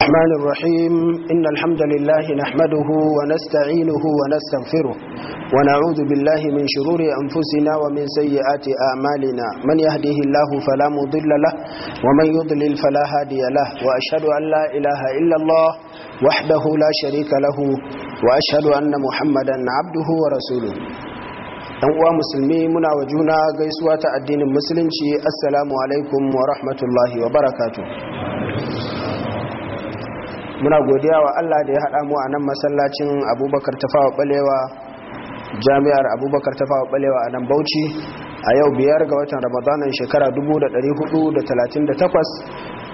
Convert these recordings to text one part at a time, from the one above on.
الرحمن الرحيم إن الحمد لله نحمده ونستعينه ونستغفره ونعوذ بالله من شرور أنفسنا ومن سيئات أعمالنا من يهده الله فلا مضل له ومن يضلل فلا هادي له وأشهد أن لا إله إلا الله وحده لا شريك له وأشهد أن محمدا عبده ورسوله dan uwa musulmi muna wa juna gaisuwa ta addinin musulunci assalamu alaikum wa rahmatullahi wa barakatuh muna godiya wa Allah da ya haɗa mu a nan masallacin abubakar tafawa balewa jami'ar abubakar tafawa balewa a nan bauchi a yau biyar ga watan ramadanin shekara 1438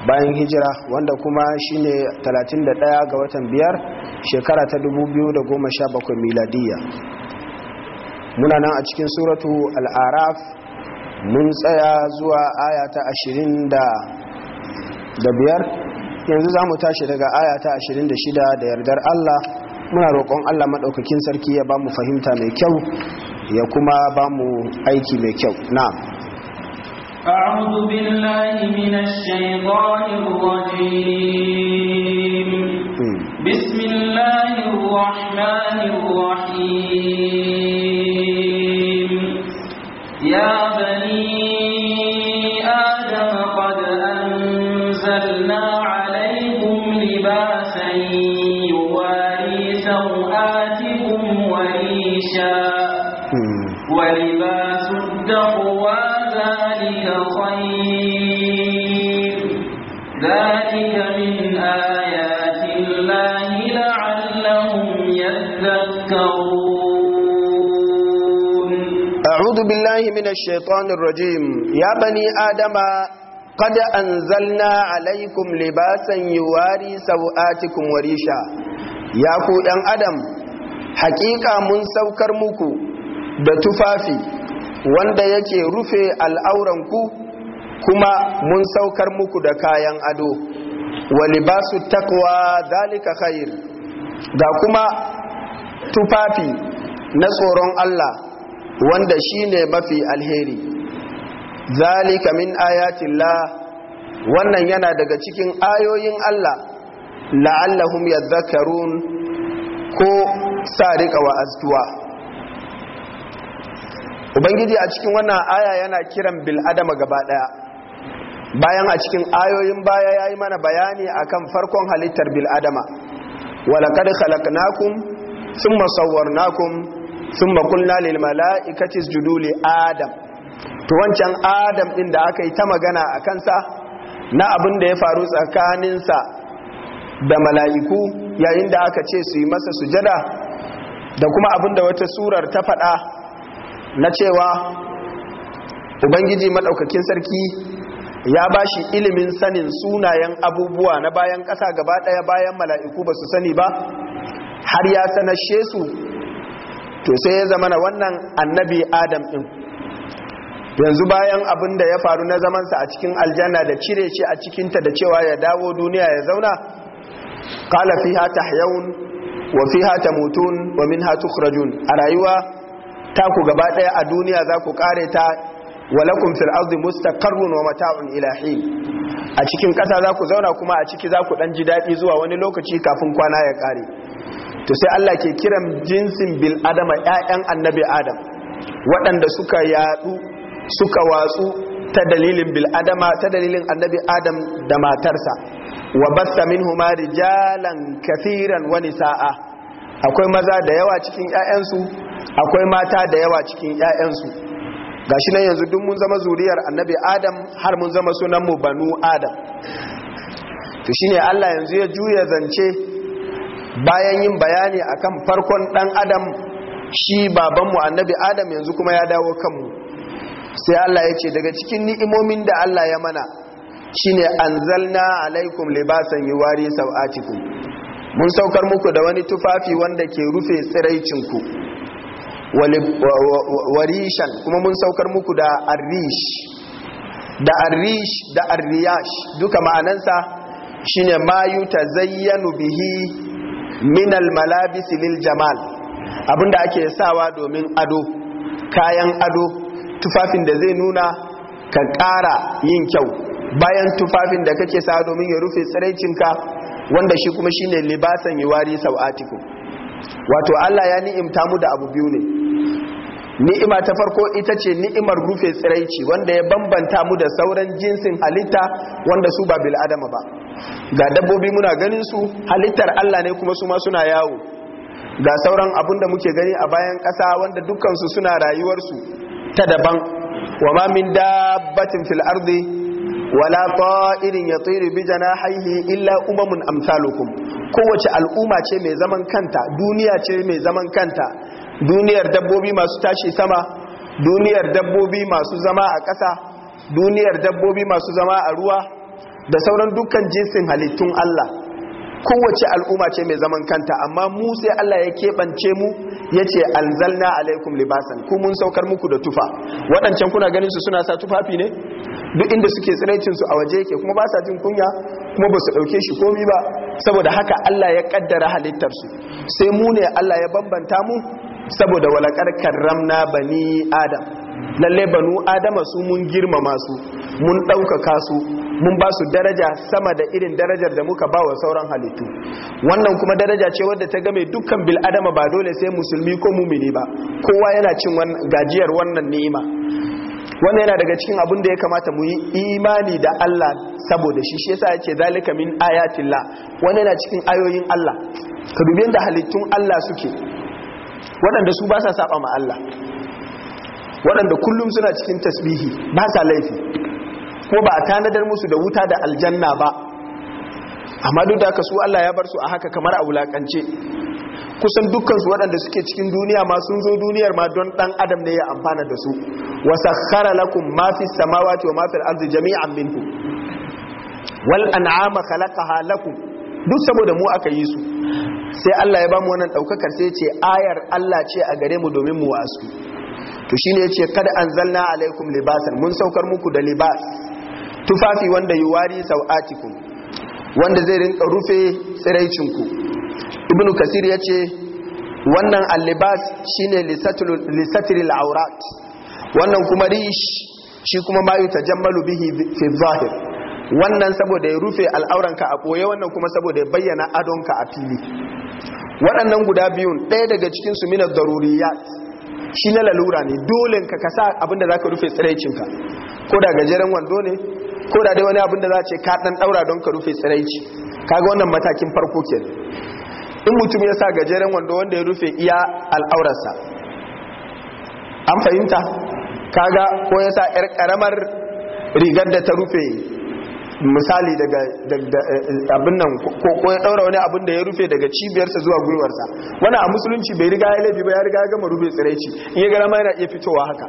bayan hijira wanda kuma shine 31 ga watan biyar shekara ta 2017 miladiya muna nan a cikin suratu al'araf mun tsaya zuwa aya ta biyar. yanzu za mu tashi daga ayata da 26 da yardar Allah muna roƙon Allah maɗaukakin sarki ya ba mu fahimta mai kyau ya kuma ba mu aiki mai kyau na. أعوذ بالله يا بني ذلك من آيات الله لعلهم يذكرون أعوذ بالله من الشيطان الرجيم يا بني آدم قد أنزلنا عليكم لباسا يواري سوآتكم وريشا يا كو آدم adam hakika mun saukar muku da tufafi wanda yake rufe al'auranku kuma mun saukar muku da kayan ado wa libasu takwa zalika khair ga kuma tufafi na tsoron Allah wanda shine mafi alheri zalika min ayatillah wannan yana daga cikin ayoyin Allah la'allahum yadhakkarun ko sa wa wa'aztuwa ubangiji a cikin wannan aya yana kiran bil adama gaba daya bayan a cikin ayoyin baya ya yi mana bayani akan farkon halittar bil'adama walakar halaknakum sun masawarnakum sun makulna lilmala mala'ikati judu adam to wancan adam ɗin da aka yi ta magana a kansa na abin da ya faru tsakaninsa da mala'iku yayin da aka ce su yi masa sujada da kuma abin da wata surar ta faɗa na cewa ubangiji maɗaukakin sarki ya ba shi ilimin sanin sunayen abubuwa na bayan ƙasa gaba ɗaya bayan mala'iku ba su sani ba har ya sanashe su to sai ya zama na wannan annabi adam ɗin yanzu bayan abin da ya faru na zamansa a cikin aljanna da cire shi a cikinta da cewa ya dawo duniya ya zauna kala fiha tahyawun wa fiha mutun wa minha tukhrajun a rayuwa ta ku gaba ɗaya a duniya za ku kare ta walakum fil ardi mustaqarrun wa mata'un ila hin a cikin ƙasa za ku zauna kuma a ciki za ku dan ji daɗi zuwa wani lokaci kafin kwana ya ƙare to sai Allah ke kiran jinsin bil adama ƴaƴan annabi adam waɗanda suka yadu suka watsu ta dalilin bil adama ta dalilin annabi adam da matarsa wa basta minhuma rijalan kathiran wa nisaa akwai maza da yawa cikin ƴaƴansu akwai mata da yawa cikin ƴaƴansu gashi nan yanzu duk mun zama zuriyar annabi adam har mun zama sunanmu banu adam to shine Allah yanzu ya juya zance bayan yin bayani akan farkon dan adam shi babanmu annabi adam yanzu kuma ya dawo kanmu sai Allah ya ce daga cikin ni'imomin da Allah ya mana shine anzalna alaikum libasan yuwari sau'atiku mun saukar muku da wani tufafi wanda ke rufe tsiraicinku warishan kuma mun saukar muku da arrish da arrish da arriyash duka ma'anansa shine mayu ta zayyanu bihi minal malabisi lil jamal abinda ake sawa domin ado kayan ado tufafin da zai nuna ka ƙara yin kyau bayan tufafin da kake sawa domin ya rufe tsiraicinka wanda shi kuma shine libasan yi wari sau'atiku wato Allah ya ni'imta mu da abu biyu ne ni'ima ta farko ita ce ni'imar rufe tsiraici wanda ya bambanta mu da sauran jinsin halitta wanda su ba bil adama ba ga dabbobi muna ganin su halittar Allah ne kuma su ma suna yawo ga sauran abun da muke gani a bayan ƙasa wanda dukkan su suna rayuwarsu ta daban wa ma min dabbatin fil ardi wala ta'irin tsiri bi janahihi illa umamun amsalukum kowace al'umma ce mai zaman kanta duniya ce mai zaman kanta duniyar dabbobi masu tashi sama duniyar dabbobi masu zama a ƙasa duniyar dabbobi masu zama a ruwa da sauran dukkan jinsin halittun Allah kowace al'umma ce mai zaman kanta amma mu sai Allah ya keɓance mu yace, ce alzalna alaikum libasan ku mun saukar muku da tufa waɗancan kuna ganin su suna sa tufafi ne duk inda suke tsiraicin su a waje yake kuma ba sa jin kunya kuma ba su ɗauke shi komi ba saboda haka Allah ya kaddara halittar su sai mu ne Allah ya bambanta mu saboda walakar karramna bani adam lalle banu adama su mun girmama su mun ɗaukaka su mun ba su daraja sama da irin darajar da muka ba wa sauran halittu wannan kuma daraja ce wadda ta game dukkan bil'adama ba dole sai musulmi ko mumini ba kowa yana cin gajiyar wannan ni'ima wannan yana daga cikin abin da ya kamata mu yi imani da Allah saboda shi shi yasa yace zalika min ayatillah wannan yana cikin ayoyin Allah ka dubi yadda halittun Allah suke waɗanda su ba sa saba ma Allah waɗanda kullum suna cikin tasbihi ba sa laifi ko ba a tanadar musu da wuta da aljanna ba amma duk da su Allah ya bar su a haka kamar a wulakance kusan dukkan su waɗanda suke cikin duniya ma sun zo duniyar ma don ɗan adam ne ya amfana da su wa sakhara lakum ma fi samawati wa ma al ardi jami'an minhu wal an'ama khalaqaha lakum duk saboda mu aka yi su sai Allah ya ba mu wannan daukakar sai ce ayar Allah ce a gare mu domin mu wasu to shine yace kada anzalna alaikum libasan mun saukar muku da libas tufafi wanda yi wari atiku, wanda zai rinka rufe tsiraicinku Ibn kasir ya ce wannan allibas shine lisatiril aurat wannan kuma rish shi kuma mayu ta Jammalu bihi fi zahir wannan saboda ya rufe al'auranka a ɓoye wannan kuma saboda ya bayyana adonka a fili waɗannan guda biyun ɗaya daga cikin su minar daruriyat shi na lalura ne dole ka kasa abinda ka rufe tsiraicinka ko da gajeren wando ne ko da dai wani abin da za a ce ka dan daura don ka rufe tsiraici kaga wannan matakin farko ke in mutum ya sa gajeren wando wanda ya rufe iya al'aurarsa an fahimta kaga ko ya sa yar karamar rigar da ta rufe misali daga eh, abin nan ko ya daura wani abin da ya rufe daga cibiyarsa zuwa gwiwarsa wani a musulunci bai riga ya laifi ba ya riga ya gama rufe tsiraici in ya gara ma yana iya fitowa haka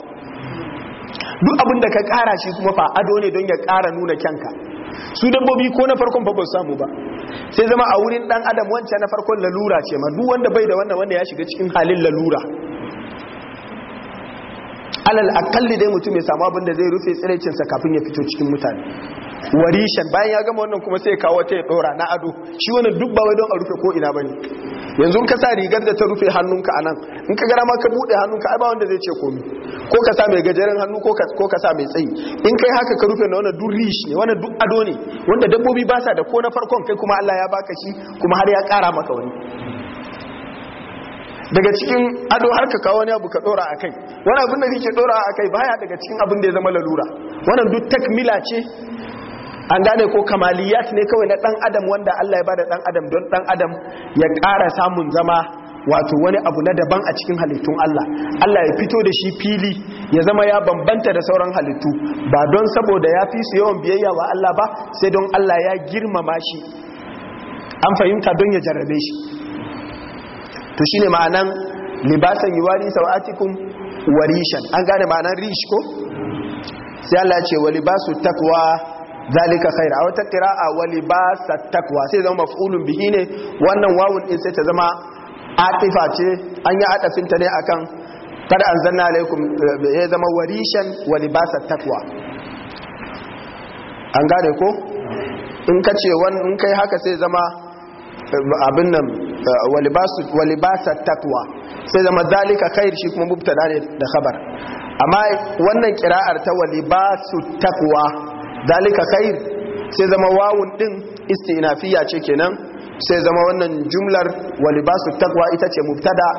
duk abin da ka kara shi kuma fa ado ne don ya kara nuna kyanka su dabbobi ko na farkon babban samu ba sai zama a wurin dan adam wancan na farkon lalura ce ma duk wanda bai da wannan wanda ya shiga cikin halin lalura alal akalli dai mutum ya samu abin da zai rufe tsiraicinsa kafin ya fito cikin mutane warishan bayan ya gama wannan kuma sai kawo ta ya dora na ado shi wannan duk ba wai don a rufe ko ina bane yanzu ka sa rigar da ta rufe hannunka anan in ka gara ma ka bude hannunka ai ba wanda zai ce komi ko ka sa mai gajeren hannu ko ka ko ka sa mai tsayi in kai haka ka rufe na wannan duk rish ne wannan duk ado ne wanda dabbobi ba sa da ko na farkon kai kuma Allah ya baka shi kuma har ya kara maka wani daga cikin ado har ka kawo wani abu ka dora akai wani abin da kake dora akai baya daga cikin abin da ya zama lalura wannan duk takmila ce an gane ko kamaliyat ne kawai na dan adam wanda Allah ya bada dan adam don dan adam ya ƙara samun zama wato wani abu na daban a cikin halittun Allah Allah ya fito da shi fili ya zama ya bambanta da sauran halittu ba don saboda ya fi su yawan biyayya wa Allah ba sai don Allah ya girmama shi an fahimta don ya jarrabe shi to shine ma'anan libasan yuwari sawatikum warishan an gane ma'anan rish ko sai Allah ce wa libasu taqwa zalika khair a wata qira'a wa libasat takwa sai zama maf'ulun bihi ne wannan wawun din sai ta zama atifa ce an yi adafin ta ne akan kada zanna alaikum eh, ya zama warishan wa takwa. an gane ko in ka ce in kai haka sai zama eh, abin nan wa libasa taqwa sai zama zalika khair shi kuma mubtada ne da khabar amma wannan kira'ar ta wa takwa zalika khair sai zama wawun din istinafiya ce kenan sai zama wannan jumlar wa libasu ita ce mubtada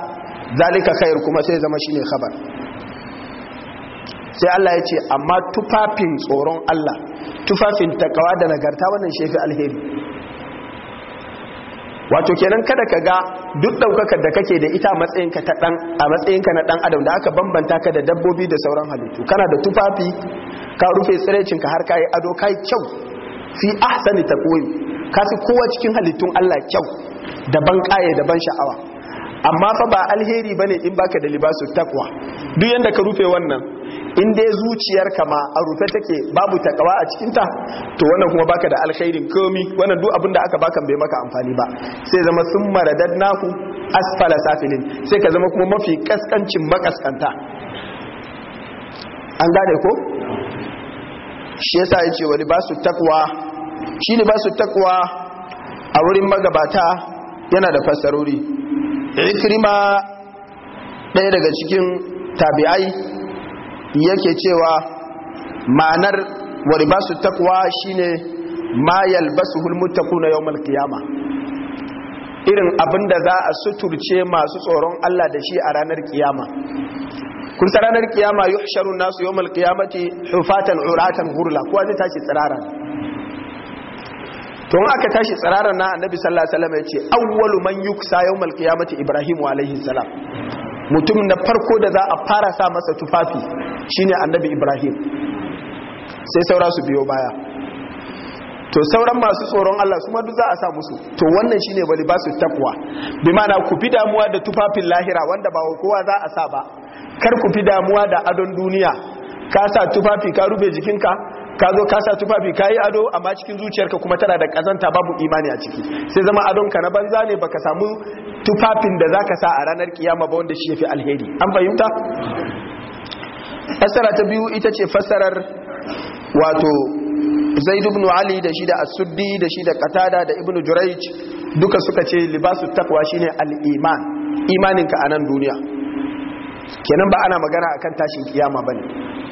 zalika khair kuma sai zama shine khabar sai Allah ya ce amma tufafin tsoron Allah tufafin takawa da nagarta wannan shefi alheri wato kenan kada ka ga duk daukakar da kake da ita matsayinka ta dan a matsayinka na dan adam da aka bambanta ka da dabbobi da sauran halittu kana da tufafi ka rufe tsirecin ka har kai ado kai kyau fi ahsani taqwim ka fi kowa cikin halittun Allah kyau daban kaye daban sha'awa amma fa ba alheri bane in baka da libasu takwa duk yanda ka rufe wannan in dai zuciyar ka ma a rufe take babu takawa a cikin ta to wannan kuma baka da alkhairin komi wannan duk abinda aka baka bai maka amfani ba sai zama sun maradadnahu asfala safilin sai ka zama kuma mafi kaskancin makaskanta an gane ko shi yasa yace wa libasu takwa shi libasu takwa a wurin magabata yana da fassarori ikrima ɗaya daga cikin tabi'ai yake cewa ma'anar waribasu takwa shine ma yalbasu hulmuttaku na yawmal kiyama irin abin da za a suturce masu tsoron Allah da shi a ranar kiyama kun sa ranar kiyama yuhsharun nasu yawmal kiyamati hufatan uratan hurla kowa zai tashi tsirara to aka tashi tsiraran na annabi sallallahu alaihi wasallam awwalu man yuksa yawmal qiyamati ibrahim alaihi salam mutum na farko da za a fara sa masa tufafi shine annabi ibrahim sai saura su biyo baya to sauran masu tsoron Allah su madu za a sa musu to wannan shine bali ba su takwa bi mana ku fi damuwa da tufafin lahira wanda ba kowa za a sa ba kar ku fi damuwa da adon duniya ka sa tufafi ka rufe jikinka ka zo ka tufafi ka yi ado amma cikin zuciyarka kuma tana da kazanta babu imani a ciki sai zama adonka na banza ne baka samu tufafin da zaka sa a ranar kiyama ba wanda shi yafi alheri an fahimta fassara ta biyu ita ce fassarar wato zaid ibn ali da shi da as-suddi da shi da qatada da ibn jurayj duka suka ce libasu taqwa shine al-iman imaninka a nan duniya kenan ba ana magana akan tashin kiyama bane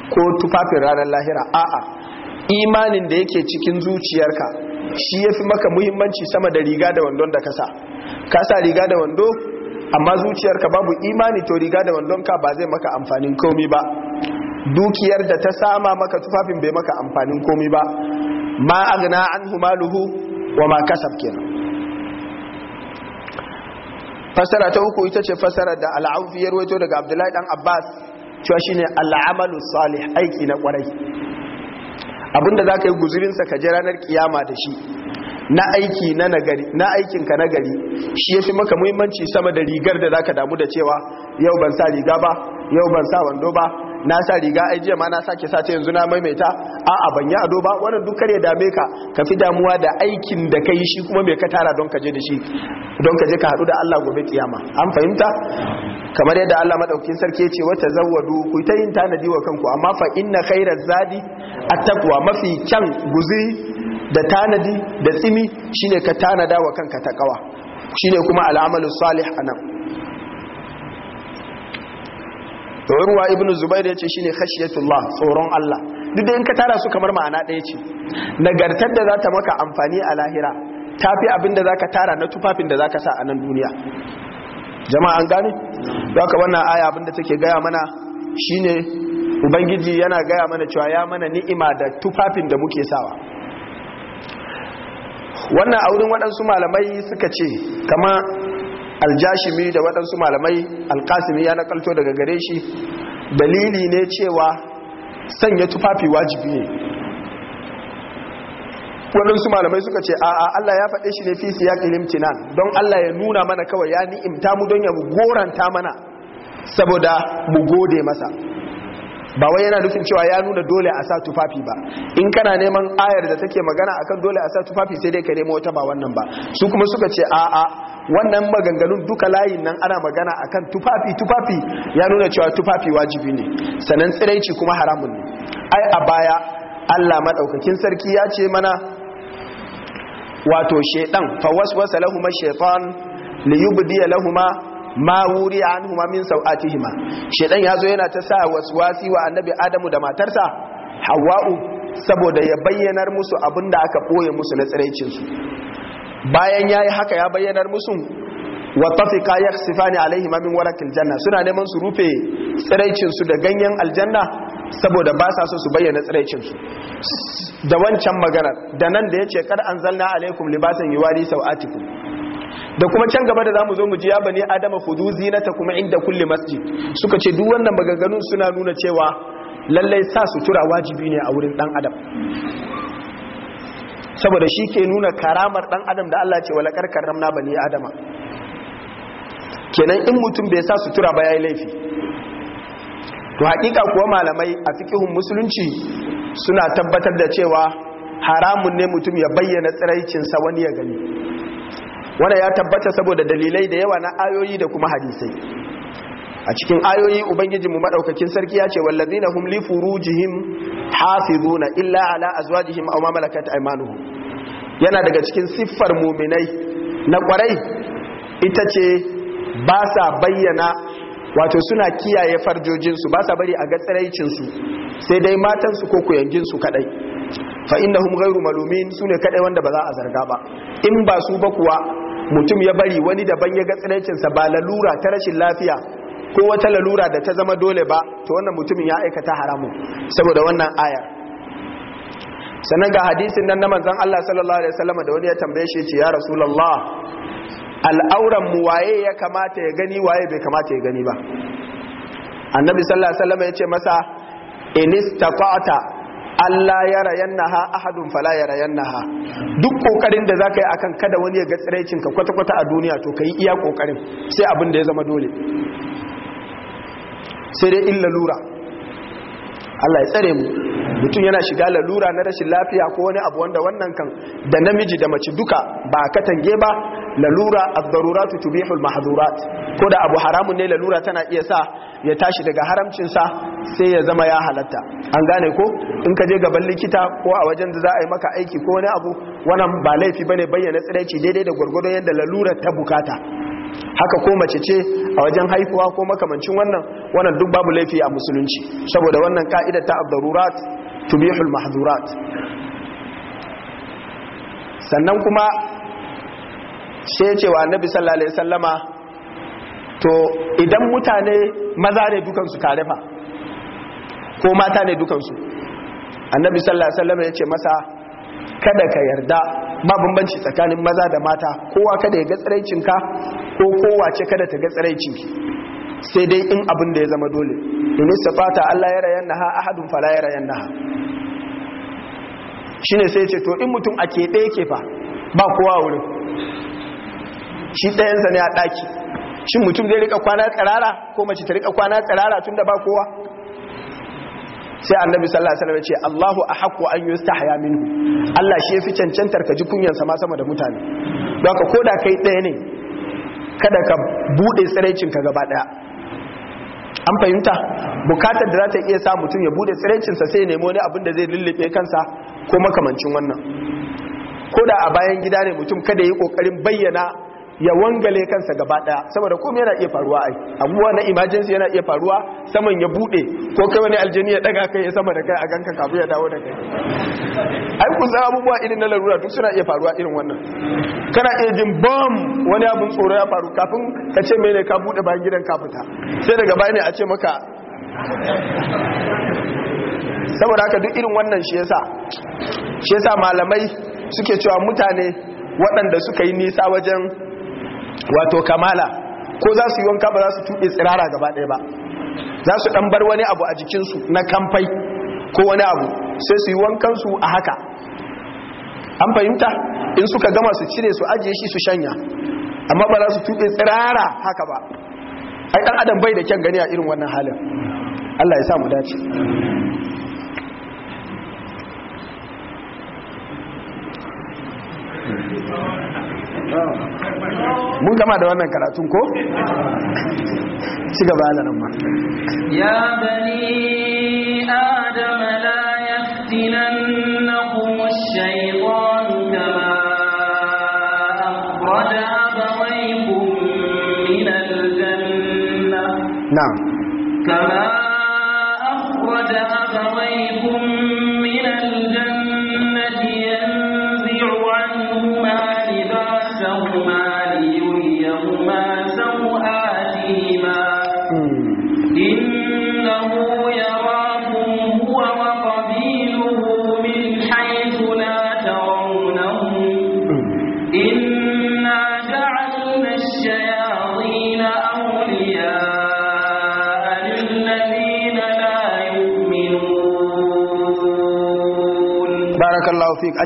ko tufafin ranar lahira a'a imanin da yake cikin zuciyarka shi ya fi maka muhimmanci sama da riga da wandon da kasa kasa riga da wando amma zuciyarka babu imani to riga da wandon ba zai maka amfanin komi ba dukiyar da ta sama maka tufafin bai maka amfanin komi ba ma agna an humaluhu wa ma kasab kenan fasara ta uku ita ce fasara da al'afiyar ya daga abdullahi dan abbas cewa shine al'amalu salih aiki na kwarai abinda za ka yi guzurinsa ka ji ranar kiyama da shi na aiki na nagari na nagari shi ya fi maka muhimmanci sama da rigar da za ka damu da cewa yau ban sa riga ba yau ban sa wando ba na sa riga ai jiya ma na sake sata yanzu na maimaita a'a ban yi ado ba wannan duk kare dame ka ka fi damuwa da aikin da kai shi kuma me ka tara don ka je da shi don ka je ka hadu da Allah gobe kiyama an fahimta kamar yadda Allah madaukakin sarki ya ce wa tazawwadu ku ta yin tanadi wa kanku amma fa inna khairaz zadi at-taqwa mafi kyan guziri da tanadi da tsimi shine ka tanada wa kanka ta kawa shine kuma al'amalu salih anan da ruwa ibn zubair ya ce shine khashiyatullah tsoron Allah duk da in ka tara su kamar ma'ana ɗaya ce nagartar da za ta maka amfani a lahira tafi fi abin da za tara na tufafin da zaka sa a nan duniya jama'a an gane ka wannan aya abin da take gaya mana shine ubangiji yana gaya mana cewa ya mana ni'ima da tufafin da muke sawa wannan a wurin waɗansu malamai suka ce kama aljashimi da waɗansu malamai alƙasimi ya nakalto daga gare shi dalili ne cewa sanya tufafi wajibi ne waɗansu malamai suka ce a Allah ya faɗe shi ne fi siyaƙin imtinan don Allah ya nuna mana kawai ya ni'imta mu don ya goranta mana saboda mu gode masa ba wai yana nufin cewa ya nuna dole a sa tufafi ba in kana neman ayar da take magana akan dole a sa tufafi sai dai ka nemo wata ba wannan ba su kuma suka ce a'a. wannan maganganun duka layin nan ana magana akan tufafi tufafi ya nuna cewa tufafi wajibi ne sannan tsiraici kuma haramun ne ai a baya Allah madaukakin sarki ya ce mana wato shedan fawaswasa lahumu shaytan liyubdi lahuma ma wuri an huma min sau'atihima shedan zo yana ta sa waswasi wa annabi adamu da matarsa hawa'u saboda ya bayyanar musu abinda aka ɓoye musu na tsiraicinsu. bayan yayi haka ya bayyanar musu wa tafika yakhsifani alaihim min warakil janna suna neman su rufe tsiraicin da ganyen aljanna saboda ba sa so su bayyana tsiraicin da wancan maganar da nan da yace an anzalna alaikum libasan sau sawatikum da kuma can gaba da za mu zo mu ji ya bani adama ta kuma inda kulli masjid suka ce duk wannan maganganun suna nuna cewa lallai sa sutura wajibi ne a wurin dan adam saboda shi ke nuna karamar dan adam da Allah ce wala karkar ramna bani adama kenan in mutum bai sa sutura ba yayi laifi to hakika kuwa malamai a fikihun musulunci suna tabbatar da cewa haramun ne mutum ya bayyana tsiraicinsa wani ya gani wanda ya tabbata saboda dalilai da yawa na ayoyi da kuma hadisai a cikin ayoyi mu maɗaukakin sarki ya ce wallazina hum li furujihim hafizuna illa ala azwajihim aw ma malakat aymanuhum yana daga cikin siffar muminai na kwarai ita ce ba sa bayyana wato suna kiyaye farjojinsu ba sa bari a ga su sai dai matansu ko su kadai fa innahum ghayru malumin sune kadai wanda ba za a zarga ba in ba su ba kuwa mutum ya bari wani daban ya ga sa ba lalura ta rashin lafiya ko wata lalura da ta zama dole ba to wannan mutumin ya aikata haramun saboda wannan aya sannan ga hadisin nan na manzon Allah sallallahu alaihi wasallam da wani ya tambaye shi ce ya rasulullah al'auran mu waye ya kamata ya gani waye bai kamata ya gani ba annabi sallallahu alaihi wasallam ya ce masa in Allah ya rayannaha ahadun fala ya rayannaha duk kokarin da zaka yi akan kada wani ya ga tsiraicin ka kwata kwata a duniya to kai iya kokarin sai abin da ya zama dole sai dai in lura Allah ya tsare mu mutum yana shiga lalura na rashin lafiya ko wani abu wanda wannan kan da namiji da mace duka ba a katange ba lalura ad-daruratu tubihul mahdhurat ko da abu haramun ne lalura tana iya sa ya tashi daga haramcin sa sai ya zama ya halatta an gane ko in ka je gaban likita ko a wajen da za a yi maka aiki ko wani abu wannan ba laifi bane bayyana tsiraici daidai da gwargwado yadda lalura ta bukata haka ko mace ce a wajen haihuwa ko makamancin wannan wannan duk babu laifi a musulunci saboda wannan ka'ida ta abdururat tubihul mahdurat sannan kuma sai cewa annabi sallallahu alaihi wasallama to idan mutane maza ne dukan su tare ko mata ne dukan su annabi sallallahu alaihi wasallama yace masa kada ka yarda ba bambanci tsakanin maza da mata kowa kada ya ga ka ko kowace kada ta ga tsiraici sai dai in abin da ya zama dole domin safata Allah ya rayan naha ahadun fala ya rayan naha shine sai ce to in mutum a keɓe ke fa ba kowa wurin shi ɗayansa ne a ɗaki shin mutum zai rika kwana tsirara ko mace ta rika kwana tsirara tunda ba kowa sai annabi sallallahu alaihi wasallam ce Allahu ahqqu an yustahya minhu Allah shi ya fi cancantar ka ji kunyansa ma sama da mutane don ka koda kai ɗaya ne kada ka bude ka gaba daya an fahimta bukatar da za ta iya sa mutum ya bude tsiraicinsa sai ya nemo wani abin da zai lullube kansa ko makamancin wannan ko da a bayan gida ne mutum kada ya yi kokarin bayyana ya wangale kansa gaba daya saboda komai yana iya faruwa ai abuwa na emergency yana iya faruwa saman ya bude ko kai wani aljini ya daga kai sama da kai a ganka kafin ya dawo da kai ai ku abubuwa irin na larura duk suna iya faruwa irin wannan kana iya jin bomb wani abun tsoro ya faru kafin ka ce mene ka bude bayan gidan ka fita sai daga baya a ce maka saboda haka duk irin wannan shi yasa shi yasa malamai suke cewa mutane waɗanda suka yi nisa wajen wato kamala ko za su yi wanka ba za su tuɓe tsirara gaba ɗaya ba za su ɗan bar wani abu a jikinsu na kamfai ko wani abu sai su yi wankansu a haka an fahimta in suka gama su cire su ajiye shi su shanya amma ba za su tuɓe tsirara haka ba ai ɗan adam bai da kyan gani a irin wannan halin allah ya sa mu dace mun gama da wannan karatun ko ci gaba da nan ma ya bani adam la yaftinannakum ash-shaytan janna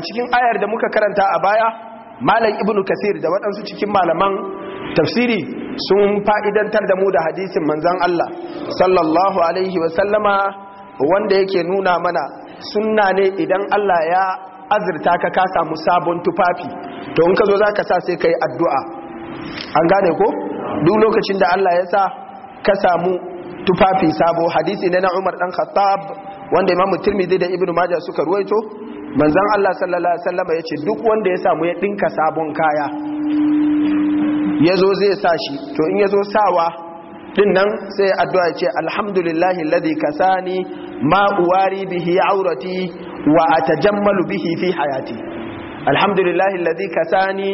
a cikin ayar da muka karanta a baya malam ibnu kasir da waɗansu cikin malaman tafsiri sun fa'idantar da mu da hadisin manzan Allah sallallahu alaihi wasallama wanda yake nuna mana sunna ne idan Allah ya azurta ka ka samu sabon tufafi to in ka zo za ka sa sai ka yi addu'a an gane ko duk lokacin da Allah ya sa ka samu tufafi sabo hadisi ne na Umar dan Khattab wanda Imam Tirmidhi da Ibn Maja suka ruwaito manzon Allah sallallahu alaihi wasallam ya ce duk wanda ya samu ya ɗinka sabon kaya ya zo zai sa shi to in ya zo sawa din nan sai addu'a ya ce alhamdulillahi alladhi kasani ma uwari bihi aurati wa jammalu bihi fi hayati alhamdulillahi alladhi kasani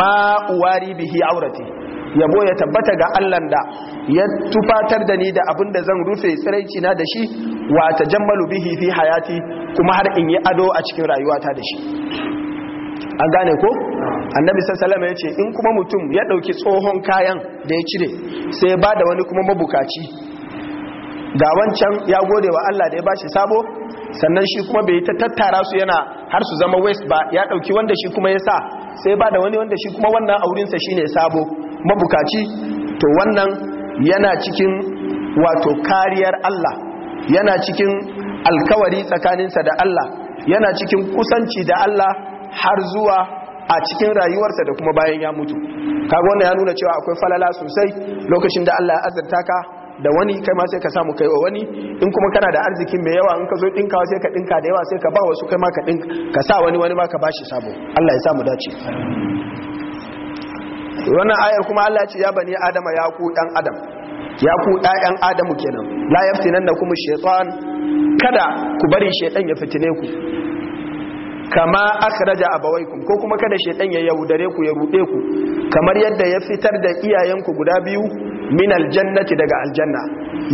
ma uwari bihi aurati yabo ya tabbata ga Allahn da ya tufatar da ni da abin da zan rufe tsiraici na da shi wa tajammalu bihi fi hayati kuma har in yi ado a cikin rayuwata da shi an gane ko annabi sallallahu ya ce in kuma mutum ya dauki tsohon kayan da ya cire sai ya bada wani kuma mabukaci ga wancan ya gode wa Allah da ya bashi sabo sannan shi kuma bai ta tattara su yana har su zama waste ba ya dauki wanda shi kuma ya sa sai ba da wani wanda shi kuma wannan aurinsa shine sabo mabukaci to wannan yana cikin wato kariyar Allah yana cikin alkawari tsakaninsa da Allah yana cikin kusanci da Allah har zuwa a cikin rayuwarsa da kuma bayan ya mutu kaga wannan ya nuna cewa akwai falala sosai lokacin da Allah ya azurta ka da wani kai ma sai ka samu kai wa wani in kuma kana da arzikin mai yawa in ka zo dinka sai ka dinka da yawa sai ka ba wasu kai ma ka dinka ka sa wani wani ma ka bashi sabo Allah ya mu dace wannan ayar kuma Allah ya ce ya bani adama ya ku dan adam ya ku ɗayan adamu kenan la da kuma shaytan kada ku bari shaytan ya fitine ku kama akhraja abawaykum ko kuma kada shaytan ya yaudare ku ya rude ku kamar yadda ya fitar da iyayenku guda biyu min aljannati daga aljanna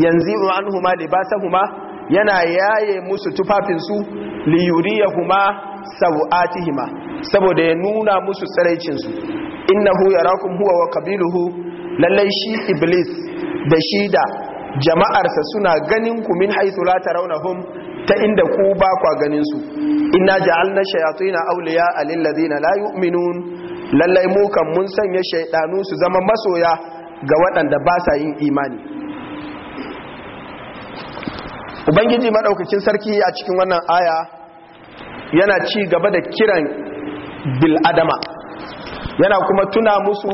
yanzu huma libasahuma yana yaye musu tufafinsu liyuriyahuma sau'atihima saboda ya nuna musu tsiraicinsu innahu yarakum huwa wa qabiluhu lallai shi iblis da shi da jama'arsa suna ganin ku min haythu la tarawnahum ta inda ku ba kwa ganin su inna ja'alna auliya awliya lil na la yu'minun lallai mu kan mun sanya shaydanu su zama masoya ga waɗanda ba sa yin imani ubangiji madaukakin sarki a cikin wannan aya yana ci gaba da kiran bil'adama. yana kuma tuna musu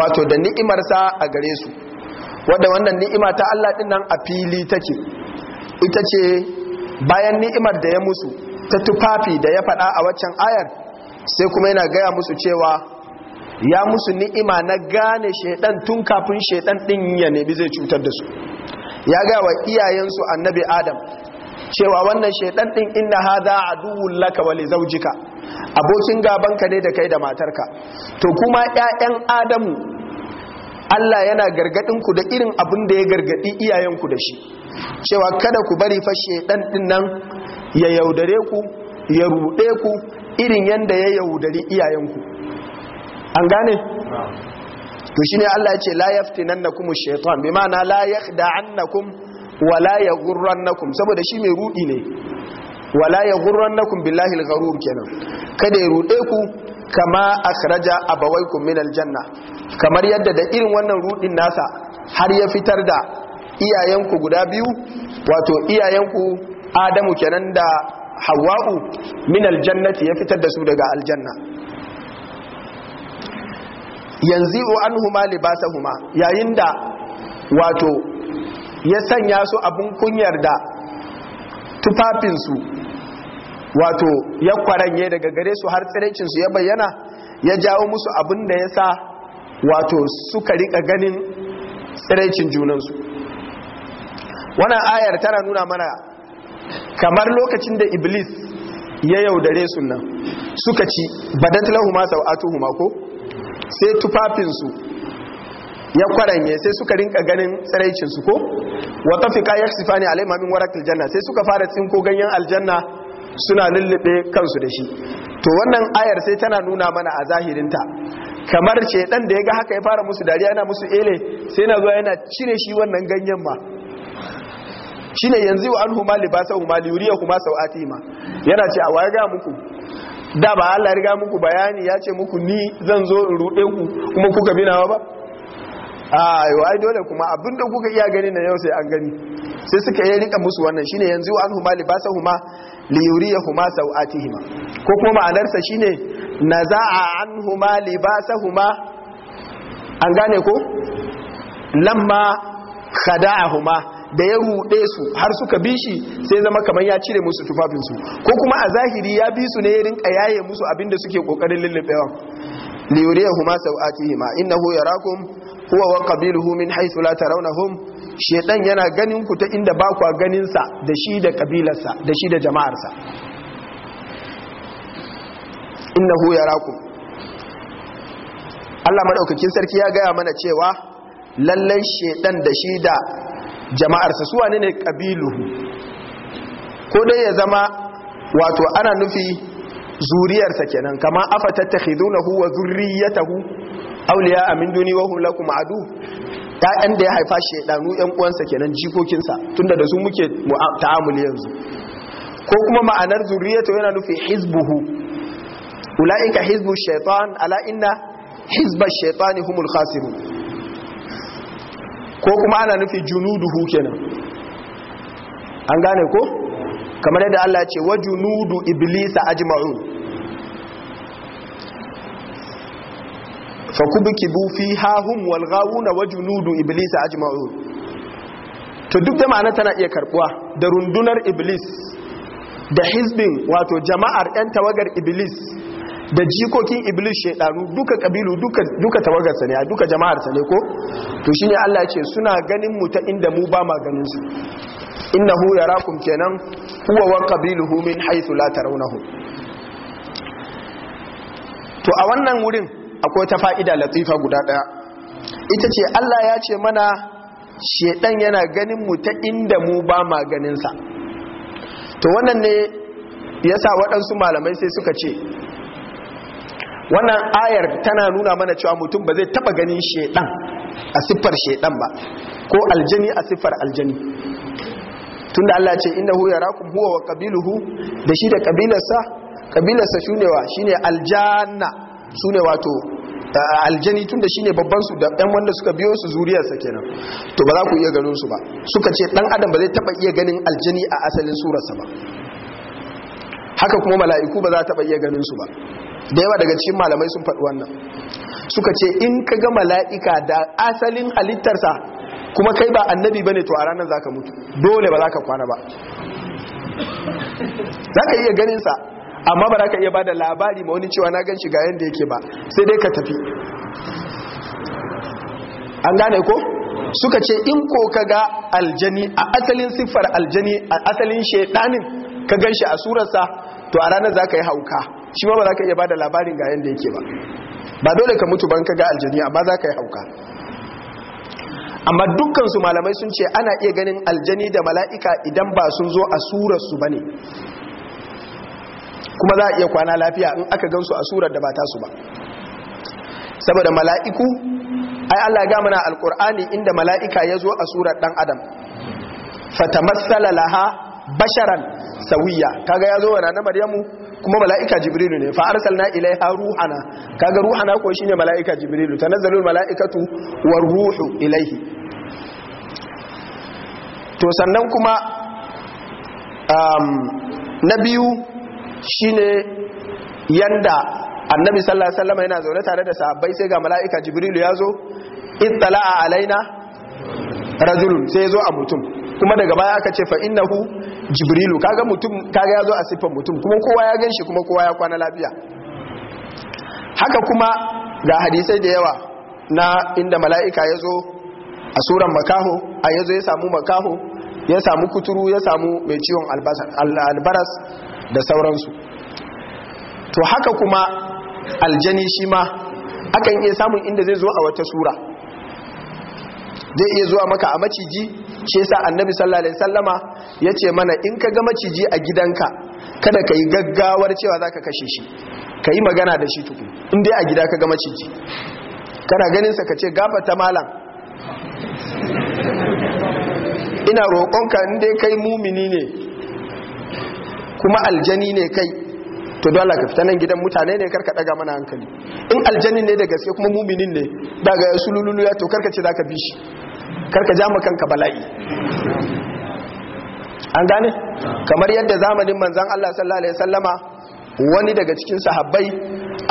wato da ni'imarsa a gare su wadda wannan ni'ima ta Allah din nan a fili take ita ce bayan ni'imar da ya musu ta tufafi da ya faɗa a waccan ayar sai kuma yana gaya musu cewa ya musu ni'ima na gane shaidan tun kafin shaidan din ya nemi zai cutar da su ya gaya wa iyayensu annabi adam cewa wannan shaidan din inna hadha aduwwul laka wa li zawjika abokin gabanka ne da kai da matarka to kuma ƴaƴan adamu Allah yana gargadin ku da irin abin da ya gargadi iyayen ku da shi cewa kada ku bari fa shaidan din nan ya yaudare ku ya rude ku irin yanda ya yaudari iyayen ku an gane to shine Allah ya ce la yaftinannakum ash-shaytan bima'ana la yakhda'annakum wala ya gurrannakum saboda shi mai rudi ne wala ya gurrannakum billahi al kenan kada ya rude ku kama akhraja abawaykum min aljanna kamar yadda da irin wannan rudin nasa har ya fitar da iyayenku guda biyu wato iyayenku Adamu kenan da hawa'u min aljannati ya fitar da su daga aljanna yanzu anhuma libasahuma yayin da wato ya sanya su abin kunyar da tufafinsu wato ya kwaranye daga gare su har tsiraicinsu ya bayyana ya jawo musu abin da ya sa wato suka rika ganin tsiraicin junansu wannan ayar tana nuna mana kamar lokacin da iblis ya yaudare sunan suka ci badat lahuma sau'atuhuma ko sai tufafinsu ya kwaranye sai suka rinka ganin tsaraicin su ko wa tafika yaksifani alaihim min warakil janna sai suka fara tsinko ganyen aljanna suna lullube kansu da shi to wannan ayar sai tana nuna mana a zahirinta kamar ce dan da ya ga haka ya fara musu dariya yana musu ele sai na zuwa yana cire shi wannan ganyen ma shine yanzu wa anhu ma libasa huma liyuriya kuma sau'ati ma yana ce a waye ga muku da ba Allah ya riga muku bayani ya ce muku ni zan zo in rude ku kuma kuka binawa ba ayo ai dole kuma abinda kuka iya gani na yau sai an gani sai suka yi rika musu wannan shine yanzu an huma libasa huma li yuriya huma ko kuma ma'anarsa shine naza'a an huma libasa huma an gane ko lamma khada'ahuma da ya rude su har suka bi shi sai zama kamar ya cire musu tufafinsu ko kuma a zahiri ya bi su ne ya rinka yaye musu abinda suke kokarin lullubewa liyuriyahuma sau'atihima innahu yarakum huwa wa qabiluhu min haythu la tarawnahum shaytan yana ganin ku ta inda ba ku ganin sa da shi da kabilarsa da shi da jama'ar sa innahu yarakum Allah madaukakin sarki ya gaya mana cewa lallai shaytan da shi da jama'ar sa su wane ne kabiluhu ko dai ya zama wato ana nufi zuriyarsa kenan kama afatattakhidunahu wa zurriyatahu awliya amin duni wa hum lakum adu ɗan da ya haifa shedanu ɗan uwansa kenan jikokinsa tunda da su muke ta'amuli yanzu ko kuma ma'anar zurriyatu yana nufi hizbuhu ulaika hizbu shaytan ala inna hizba shaytani humul khasirun ko kuma ana nufi junuduhu kenan an gane ko kamar yadda Allah ya ce nudu iblisa ajma'un fakubikibu fiha hum wal ghawuna nudu iblisa ajma'u to duk da ma'ana tana iya karbuwa da rundunar iblis da hizbin wato jama'ar yan tawagar iblis da jikokin iblis shedanu duka kabilu duka duka sa ne duka sa ne ko to shine Allah ya ce suna ganin mu ta inda mu ba ma ganin su innahu yarakum kenan huwa wa qabiluhu min haythu la tarawnahu to a wannan wurin akwai ta fa'ida latifa guda ɗaya. ita ce Allah ya ce mana shedan yana ganin mu ta inda mu ba ma ganin to wannan ne yasa waɗansu malamai sai suka ce wannan ayar tana nuna mana cewa mutum ba zai taba ganin shedan a siffar shedan ba ko aljani a siffar aljani tunda Allah ce innahu yarakum huwa wa ƙabiluhu da shi da kabilarsa kabilarsa shine wa shine aljanna sune wato aljani tunda shine babban su da ɗan wanda suka biyo su zuriyarsa kenan to ba za ku iya ganin su ba suka ce dan adam ba zai taba iya ganin aljani a asalin surarsa ba haka kuma mala'iku ba za ta iya ganin su ba da yawa daga cikin malamai sun faɗi wannan suka ce in ka ga mala'ika da asalin halittarsa kuma kai ba annabi bane to a ranar zaka mutu dole ba zaka kwana ba zaka iya ganin sa amma ba zaka iya bada labari ma wani cewa na gan shi ga yanda yake ba sai dai ka tafi an gane ko suka ce in ko kaga aljani a asalin siffar aljani a asalin shedanin ka gan a surarsa to a ranar zaka yi hauka shi ma ba zaka iya bada labarin ga yanda yake ba ba dole ka mutu ban kaga aljani amma zaka yi hauka amma dukkan su malamai sun ce ana iya ganin aljani da mala'ika idan ba sun zo a surar su bane kuma za a iya kwana lafiya in aka su a surar da ba ta su ba saboda mala'iku ai Allah ga muna alqur'ani alkur'ani inda mala'ika ya zo a surar dan adam fatamassala laha basharan sawiya kaga ya zo wa na maryamu kuma mala'ika jibrilu ne fa arsalna ilaiha ruhana kaga ruhana ko shine mala'ika jibrilu nazarin mala'ikatu war ruhu ilaihi to sannan kuma na biyu shine yanda annabi sallallahu alaihi wasallam yana zaune tare da sahabbai sai ga mala'ika jibrilu ya zo ittala'a alaina rajulun sai ya zo a mutum kuma daga baya aka ce fa innahu jibrilu kaga mutum kaga yazo a sifan mutum kuma kowa ya ganshi kuma kowa ya kwana lafiya haka kuma ga hadisai da yawa na inda mala'ika ya zo a suran makaho a ya zo ya samu makaho ya samu kuturu ya samu mai ciwon albaras da sauransu to haka kuma aljani shi ma akan iya samun inda zai zo a wata sura zai iya zuwa maka a maciji shi yasa annabi sallallahu alaihi wasallama yace mana in ka ga maciji a gidanka kada ka yi gaggawar cewa zaka kashe shi ka yi magana da shi tukun in dai a gida ka ga maciji kana ganin sa ka ce ta malam ina roƙonka in dai kai mumini ne kuma aljani ne kai to dole ka fita nan gidan mutane ne karka daga mana hankali in aljani ne da gaske kuma muminin ne daga ya sululu ya to karka ce zaka bi shi karka ja kanka bala'i an gane kamar yadda zamanin manzan Allah sallallahu alaihi wasallama wani daga cikin sahabbai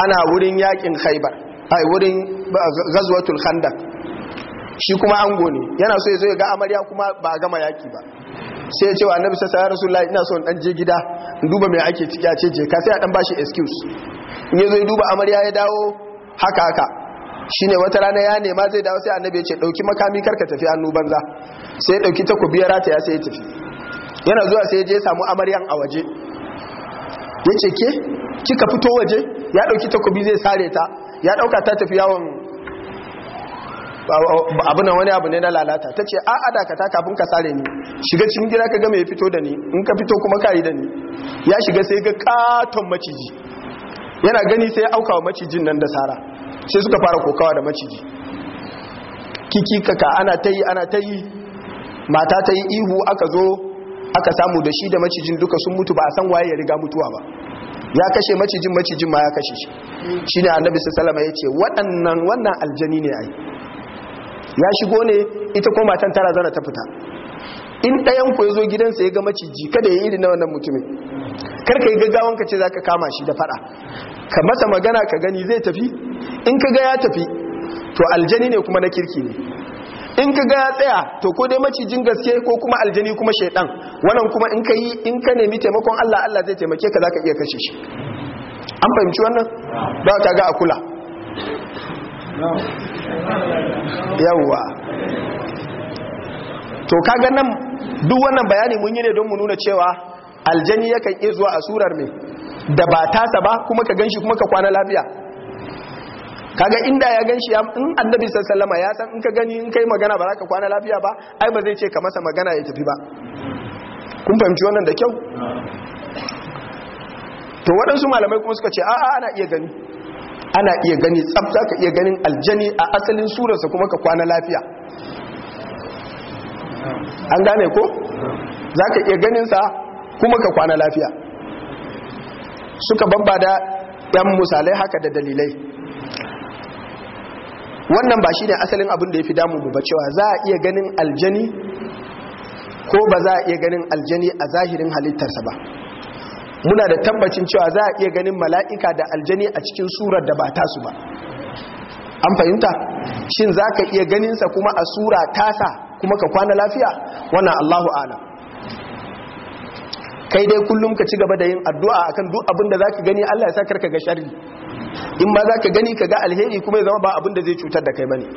ana wurin yakin khaibar ai wurin ghazwatul khandaq shi kuma ango ne yana so ya ya ga amarya kuma ba a gama yaki ba sai ya ce wa annabi sallallahu alaihi wasallam ina so in dan je gida in duba me ake ciki a ce je ka sai a dan bashi excuse in yazo ya duba amarya ya dawo haka haka shi ne wata rana ya nema zai dawo sai annabi ya ce dauki makami karka tafi hannu banza sai ya takobi ya sai ya tafi yana zuwa sai ya je samu amaryan a waje ya ce ke kika fito waje ya dauki takobi zai sare ta ya dauka ta tafi yawon abu na wani abu ne na lalata ta ce a adakata kafin ka sare ni shiga cikin gida ka game ya fito da ni in ka fito kuma ka yi da ni ya shiga sai ga katon maciji yana gani sai ya auka wa macijin nan da sara sai suka fara kokawa da maciji kiki kaka ana ta yi ana ta yi mata ta yi ihu aka zo aka samu da shi da macijin duka sun mutu ba a san waye ya riga mutuwa ba ya kashe macijin macijin ma ya kashe shi shine annabi sallallahu ya ce waɗannan wannan aljani ne ai ya shigo ne ita ko matan tara zana ta fita in ɗayan ku ya zo gidansa ya ga maciji kada ya iri na wannan mutumin karka yi gaggawan ka ce za ka kama shi da fada ka masa magana ka gani zai tafi in kaga ya tafi to aljani ne kuma na kirki ne in kaga ya tsaya to ko dai macijin gaske ko kuma aljani kuma shaidan wannan kuma in ka yi in ka nemi taimakon Allah Allah zai taimake ka zaka iya kashe shi an fahimci wannan ba ka ga akula yawwa to kaga nan duk wannan bayani mun yi ne don mu nuna cewa aljani yakan iya zuwa a surar mai da ba tasa ba kuma ka ganshi kuma ka kwana lafiya kaga inda ya ganshi ya in annabi sallallahu ya san in ka gani in kai magana ba za ka kwana lafiya ba ai ba zai ce ka masa magana ya tafi ba kun fahimci wannan da kyau to waɗansu malamai kuma suka ce a'a ana iya gani ana iya gani tsab za ka iya ganin aljani a asalin surarsa kuma ka kwana lafiya an gane ko za ka iya ganinsa kuma ka kwana lafiya suka babba da 'yan misalai haka da dalilai wannan ba shi ne asalin abin da ya fi damu ba cewa za a iya ganin aljani ko ba za a iya ganin aljani a zahirin halittarsa ba muna da tabbacin cewa za a iya ganin mala'ika da aljani a cikin surar da ba ta su ba an fahimta shin za ka iya ganinsa kuma a sura tasa kuma ka kwana lafiya wannan allahu ana kai dai kullum ka ci gaba da yin addu'a akan duk abin da za ka gani allah ya sa karka ga sharri in ma za ka gani ka ga alheri kuma ya zama ba abinda da zai cutar da kai ba ne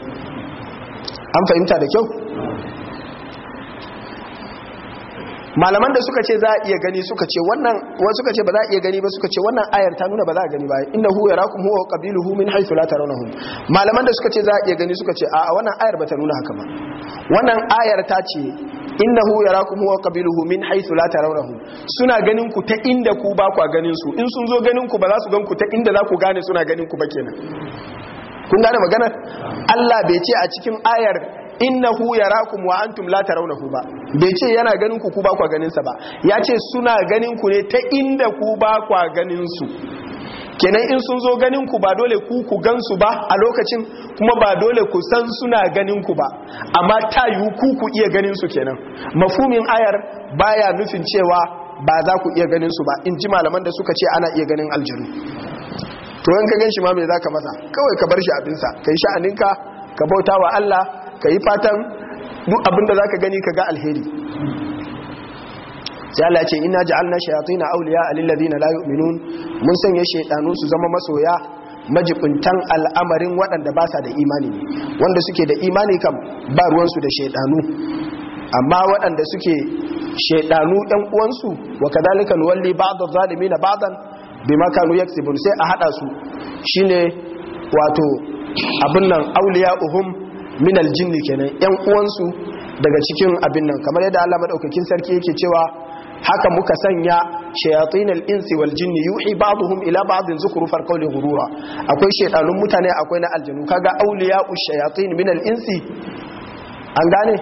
an fahimta da kyau malaman da suka ce za a iya gani suka ce wannan wasu suka ce ba za a iya gani ba suka ce wannan ayar ta nuna ba za a gani ba inna hu yarakum huwa qabiluhu min haythu la tarawnahum malaman da suka ce za a iya gani suka ce a wannan ayar ba ta nuna haka ba wannan ayar ta ce innahu yarakum huwa qabiluhu min haythu la tarawnahu suna ganin ku ta inda ku ba ku ganin su in sun zo ganin ku ba za su gan ku ta inda za ku gane suna ganin ku ba kenan kun gane magana Allah bai ce a cikin ayar innahu yarakum wa antum la tarawnahu ba bai ce yana ganin ku ku ba ku ganin sa ba ya ce suna ganin ku ne ta inda ku ba ku ganin su kenan in sun zo ganin ku ba dole ku ku gansu ba a lokacin kuma ba dole ku san suna ganin ku ba amma ta yiwu ku ku iya ganin su kenan Mafumin ayar baya nufin cewa ba za ku iya ganin su ba in ji malaman da suka ce ana iya ganin aljanu to in ka gan shi ma me za ka masa kawai ka bar shi abinsa ka yi sha'aninka ka bauta wa Allah ka yi fatan duk abin da za ka gani ka ga alheri sai Allah ce inna ja'alna shayatina awliya lil ladina la yu'minun mun sanya shaytanu su zama masoya majibintan al'amarin waɗanda ba sa da imani ne wanda suke da imani kam ba ruwansu da shaytanu amma waɗanda suke dan uwan uwansu wa kadhalika nuwalli ba'd adh-dhalimin ba'dan bima kanu yaksibun sai a hada su shine wato abin nan auliya uhum min aljinn kenan uwan uwansu daga cikin abin nan kamar yadda Allah madaukakin sarki yake cewa haka muka sanya shayatin al-insi wal jinni yuhi ba'dhum ila zukuru farkau da gurura akwai shaidanun mutane akwai na aljanu kaga awliya'u shayatin min al'insi an gane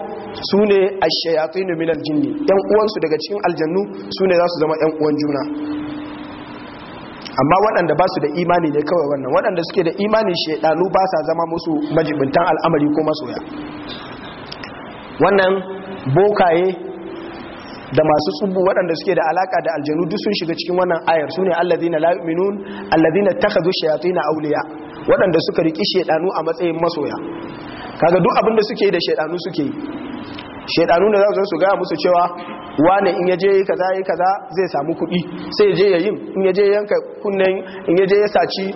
su ne a shayatin min jini yan uwansu daga cikin aljannu su ne za su zama yan uwan juna amma waɗanda ba su da imani ne kawai wannan waɗanda suke da imani shaidanu ba sa zama musu majibintan al'amari ko masoya wannan bokaye da masu tsubu waɗanda suke da alaka da aljanu duk sun shiga cikin wannan ayar su ne alladhina la yu'minun alladhina takhadhu shayatin awliya waɗanda suka riki shedanu a matsayin masoya kaga duk abinda da suke da shedanu suke shedanu da za su gaya musu cewa wane in yaje kaza yi kaza zai samu kuɗi sai je yi in yaje yanka kunnen in yaje ya saci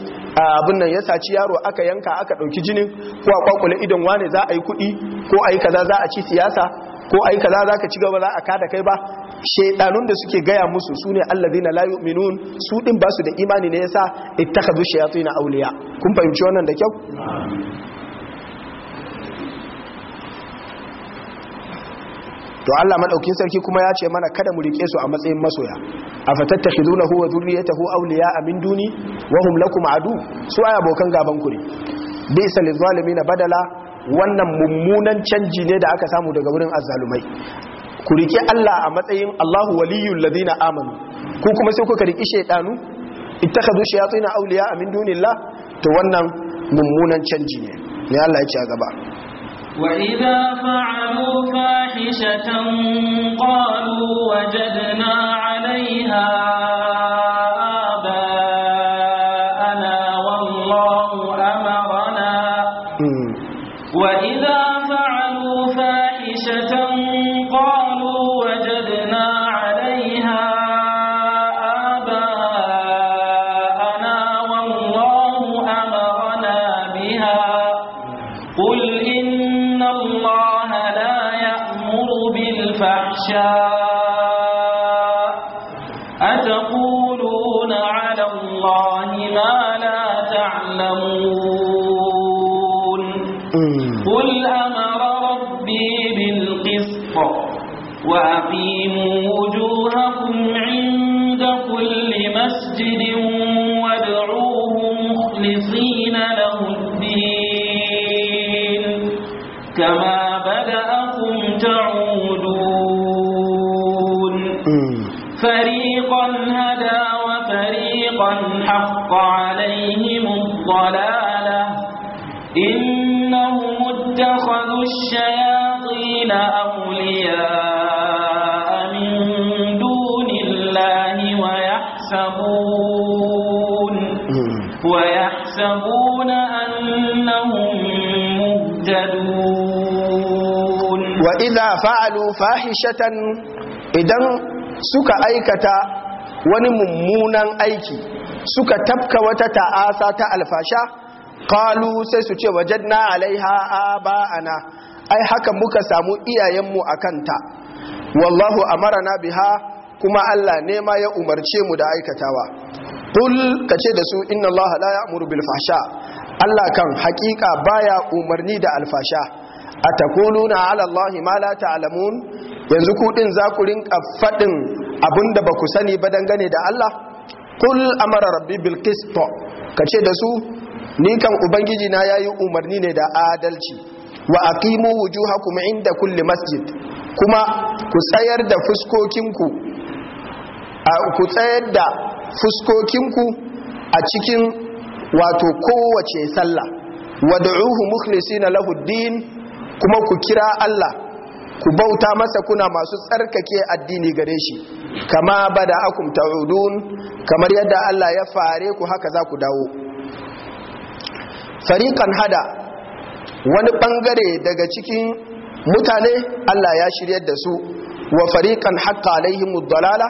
abin nan ya saci yaro aka yanka aka ɗauki jinin ko a kwakwale idon wane za a yi kuɗi ko a yi kaza za a ci siyasa ko ai kaza zaka ci gaba za a kada kai ba shedanun da suke gaya musu sune allazina la yu'minun su din ba su da imani ne yasa ittakhadhu shayatin awliya kun fahimci wannan da kyau to Allah madaukin sarki kuma ya ce mana kada mu rike su a matsayin masoya afatattakhidunahu wa dhurriyyatahu awliya min duni wa hum lakum adu su aya bokan gaban ku ne Bisa lizalimin na badala wannan mummunan canji ne da aka samu daga wurin azzalumai ku riki Allah a matsayin Allahu waliyul ladina amanu ku kuma sai kuka riki shaydanu ittakhadhu shayatina awliya min dunillah to wannan mummunan canji ne ne Allah ya ci gaba وَإِذَا فَعَلُوا فَاحِشَةً قَالُوا وَجَدْنَا عَلَيْهَا كما بدأكم تعودون فريقا هدى وفريقا حق عليهم الضلالة إنهم اتخذوا الشيء fahishatan idan suka aikata wani mummunan aiki suka tafka wata ta'asa ta alfasha qalu sai su ce wajadna alaiha aba'ana ai haka muka samu iyayenmu a ta wallahu amara na biha kuma Allah nema ya umarce mu da aikatawa kul kace da su inna Allah la ya'muru bil fahsha Allah kan hakika baya umarni da alfasha a ala allahi ma la ta'lamun yanzu ku din za ku rinka fadin abinda ba ku sani ba dangane da Allah kul amara rabbi bil qist kace da su ni kan ubangiji na yayi umarni ne da adalci wa aqimu wujuhakum inda kulli masjid kuma ku tsayar da fuskokinku ku tsayar da fuskokinku a cikin wato kowace sallah wad'uhu mukhlisina lahu din kuma ku kira Allah ku bauta masa kuna masu tsarkake addini gare shi kama bada akum ta'udun kamar yadda Allah ya fare ku haka za ku dawo fariqan hada wani ɓangare daga cikin mutane Allah ya shirya da su wa fariqan haqqa alaihimud dalala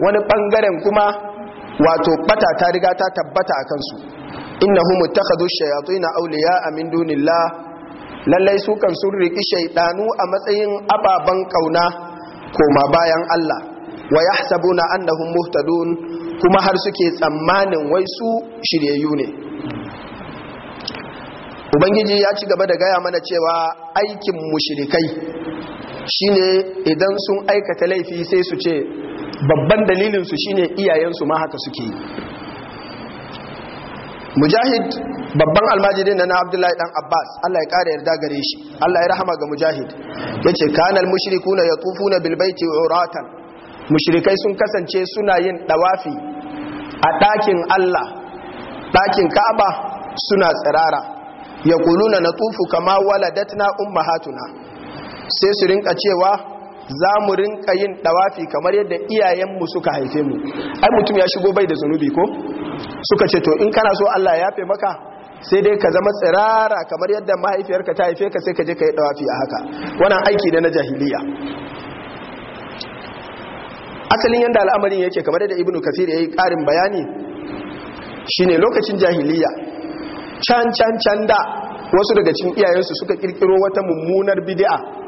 wani bangaren kuma wato bata ta riga ta tabbata akan su innahum ittakhadhu ash-shayatin awliya'a min dunillahi lallai su kan sun riki shaidanu a matsayin ababen ƙauna, koma bayan Allah wa ya yahsabuna annahum muhtadun kuma har suke tsammanin wai su shiryayyu ne ubangiji ya ci gaba da gaya mana cewa aikin mushrikai shine idan sun aikata laifi sai su ce babban dalilinsu shine iyayensu ma haka suke yi mujahid babban almajiri na abdullahi dan abbas allah ya kara yarda gare shi allah ya rahama ga mujahid ya ce kanal mushrikuna ya tufuna bilbaiti uratan mushrikai sun kasance suna yin dawafi a ɗakin allah ɗakin ka'aba suna tsirara ya kuluna na tufu kama waladatna ummahatuna sai su rinka cewa za mu rinka yin dawafi kamar yadda iyayenmu suka haife mu ai mutum ya shigo bai da zunubi ko suka ce to in kana so Allah ya yafe maka sai dai ka zama tsirara kamar yadda mahaifiyarka ta haife ka sai ka je ka yi dawafi a haka wannan aiki ne na jahiliya asalin yadda al'amarin yake kamar yadda ibnu kasir yayi karin bayani shine lokacin jahiliya can can can da wasu daga cikin iyayensu suka kirkiro wata mummunar bid'a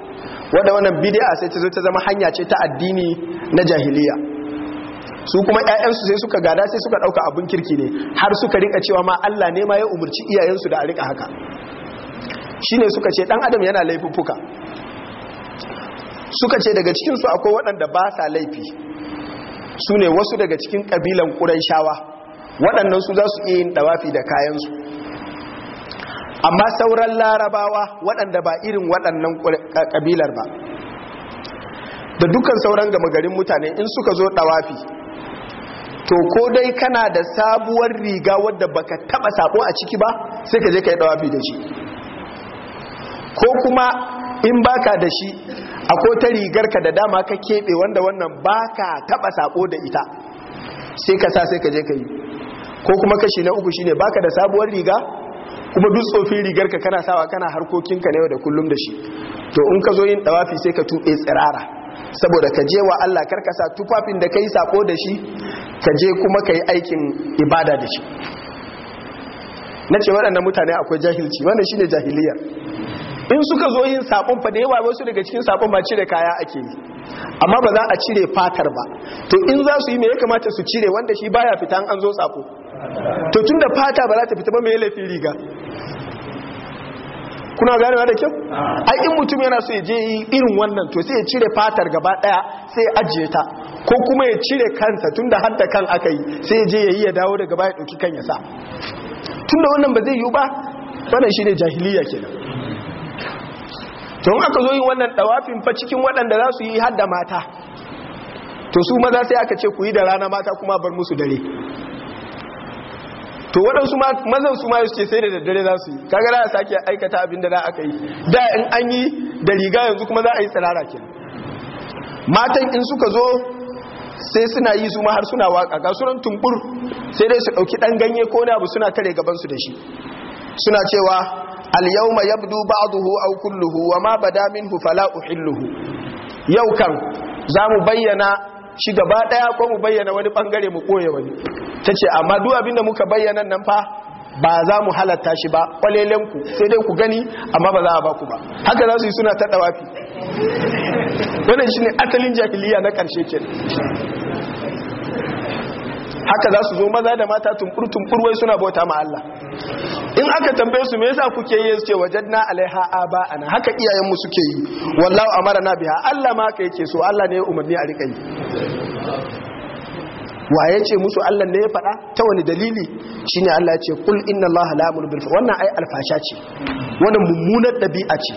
wadda wannan bidiya sai ta zo ta zama hanya ce ta addini na jahiliya su kuma ƴaƴansu sai suka gada sai suka ɗauka abun kirki ne har suka rika cewa ma Allah ne ma ya umarci iyayensu da a rinka haka shine suka ce dan adam yana laifuffuka suka ce daga cikin su akwai waɗanda ba sa laifi su ne wasu daga cikin ƙabilan ƙuraishawa waɗannan su za su iya yin ɗawafi da kayansu amma sauran larabawa waɗanda ba irin waɗannan ƙabilar ba da dukkan sauran gama garin mutane in suka zo ɗawafi to ko dai kana da sabuwar riga wadda baka taɓa sabo a ciki ba sai ka je ka yi ɗawafi da shi ko kuma in baka da shi akwai ta rigarka da dama ka keɓe wanda wannan baka taɓa sabo da ita sai ka sa sai ka je ka yi ko kuma kashi na uku shine baka da sabuwar riga kuma duk tsofin rigar ka kana sawa kana harkokin ka yau da kullum da shi to in ka zo yin dawafi sai ka tuɓe tsirara saboda ka je wa Allah karkasa sa tufafin da kai sako da shi ka je kuma ka yi aikin ibada da shi na ce waɗannan mutane akwai jahilci wannan shine jahiliyar in suka zo yin sabon fa da yawa wasu daga cikin sabon ba cire kaya ake yi amma ba za a cire fatar ba to in za su yi me ya kamata su cire wanda shi baya fita an zo sako to tun da fata ba za ta fita ba mai laifin riga kuna ganewa da kyau a in mutum yana so ya je irin wannan to sai ya cire fatar gaba daya sai ya ajiye ta ko kuma ya cire kansa tun har da kan aka yi sai ya je ya yi ya dawo daga baya ɗauki kan ya sa tun da wannan ba zai yi ba wannan ne jahiliya kenan don aka zo yi wannan ɗawafin fa cikin waɗanda za su yi hadda mata to su maza sai aka ce ku yi da rana mata kuma bar musu dare to waɗansu mazan su ma suke sai da daddare za su yi kaga za a sake aikata abin da za aka yi da in an yi da riga yanzu kuma za a yi tsirara kenan matan in suka zo sai suna yi su ma har suna waka ga sunan tumbur sai dai su ɗauki ɗan ganye ko na abu suna tare gaban su da shi suna cewa al yabdu ba'dahu aw kulluhu wa ma bada minhu fala uhilluhu yau kan za mu bayyana shi gaba daya ko mu bayyana wani bangare mu koye wani tace amma duk abin da muka bayyana nan fa ba za mu halatta shi ba kwalelen ku sai dai ku gani amma ba za a ba ku ba haka za su yi suna ta dawafi wannan shine asalin jahiliya na karshe kenan haka za su zo maza da mata tumbur wai suna bauta ma Allah in aka tambe su me yasa kuke yi su ce wajadna alaiha aba ana haka iyayen mu suke yi wallahu amarna biha Allah ma ka yake so Allah ne umarni a rika yi wa yace musu Allah ne ya faɗa ta wani dalili shine Allah ya ce kul inna Allah la ya'muru bil wannan ai alfasha ce wannan mummunar ɗabi'a ce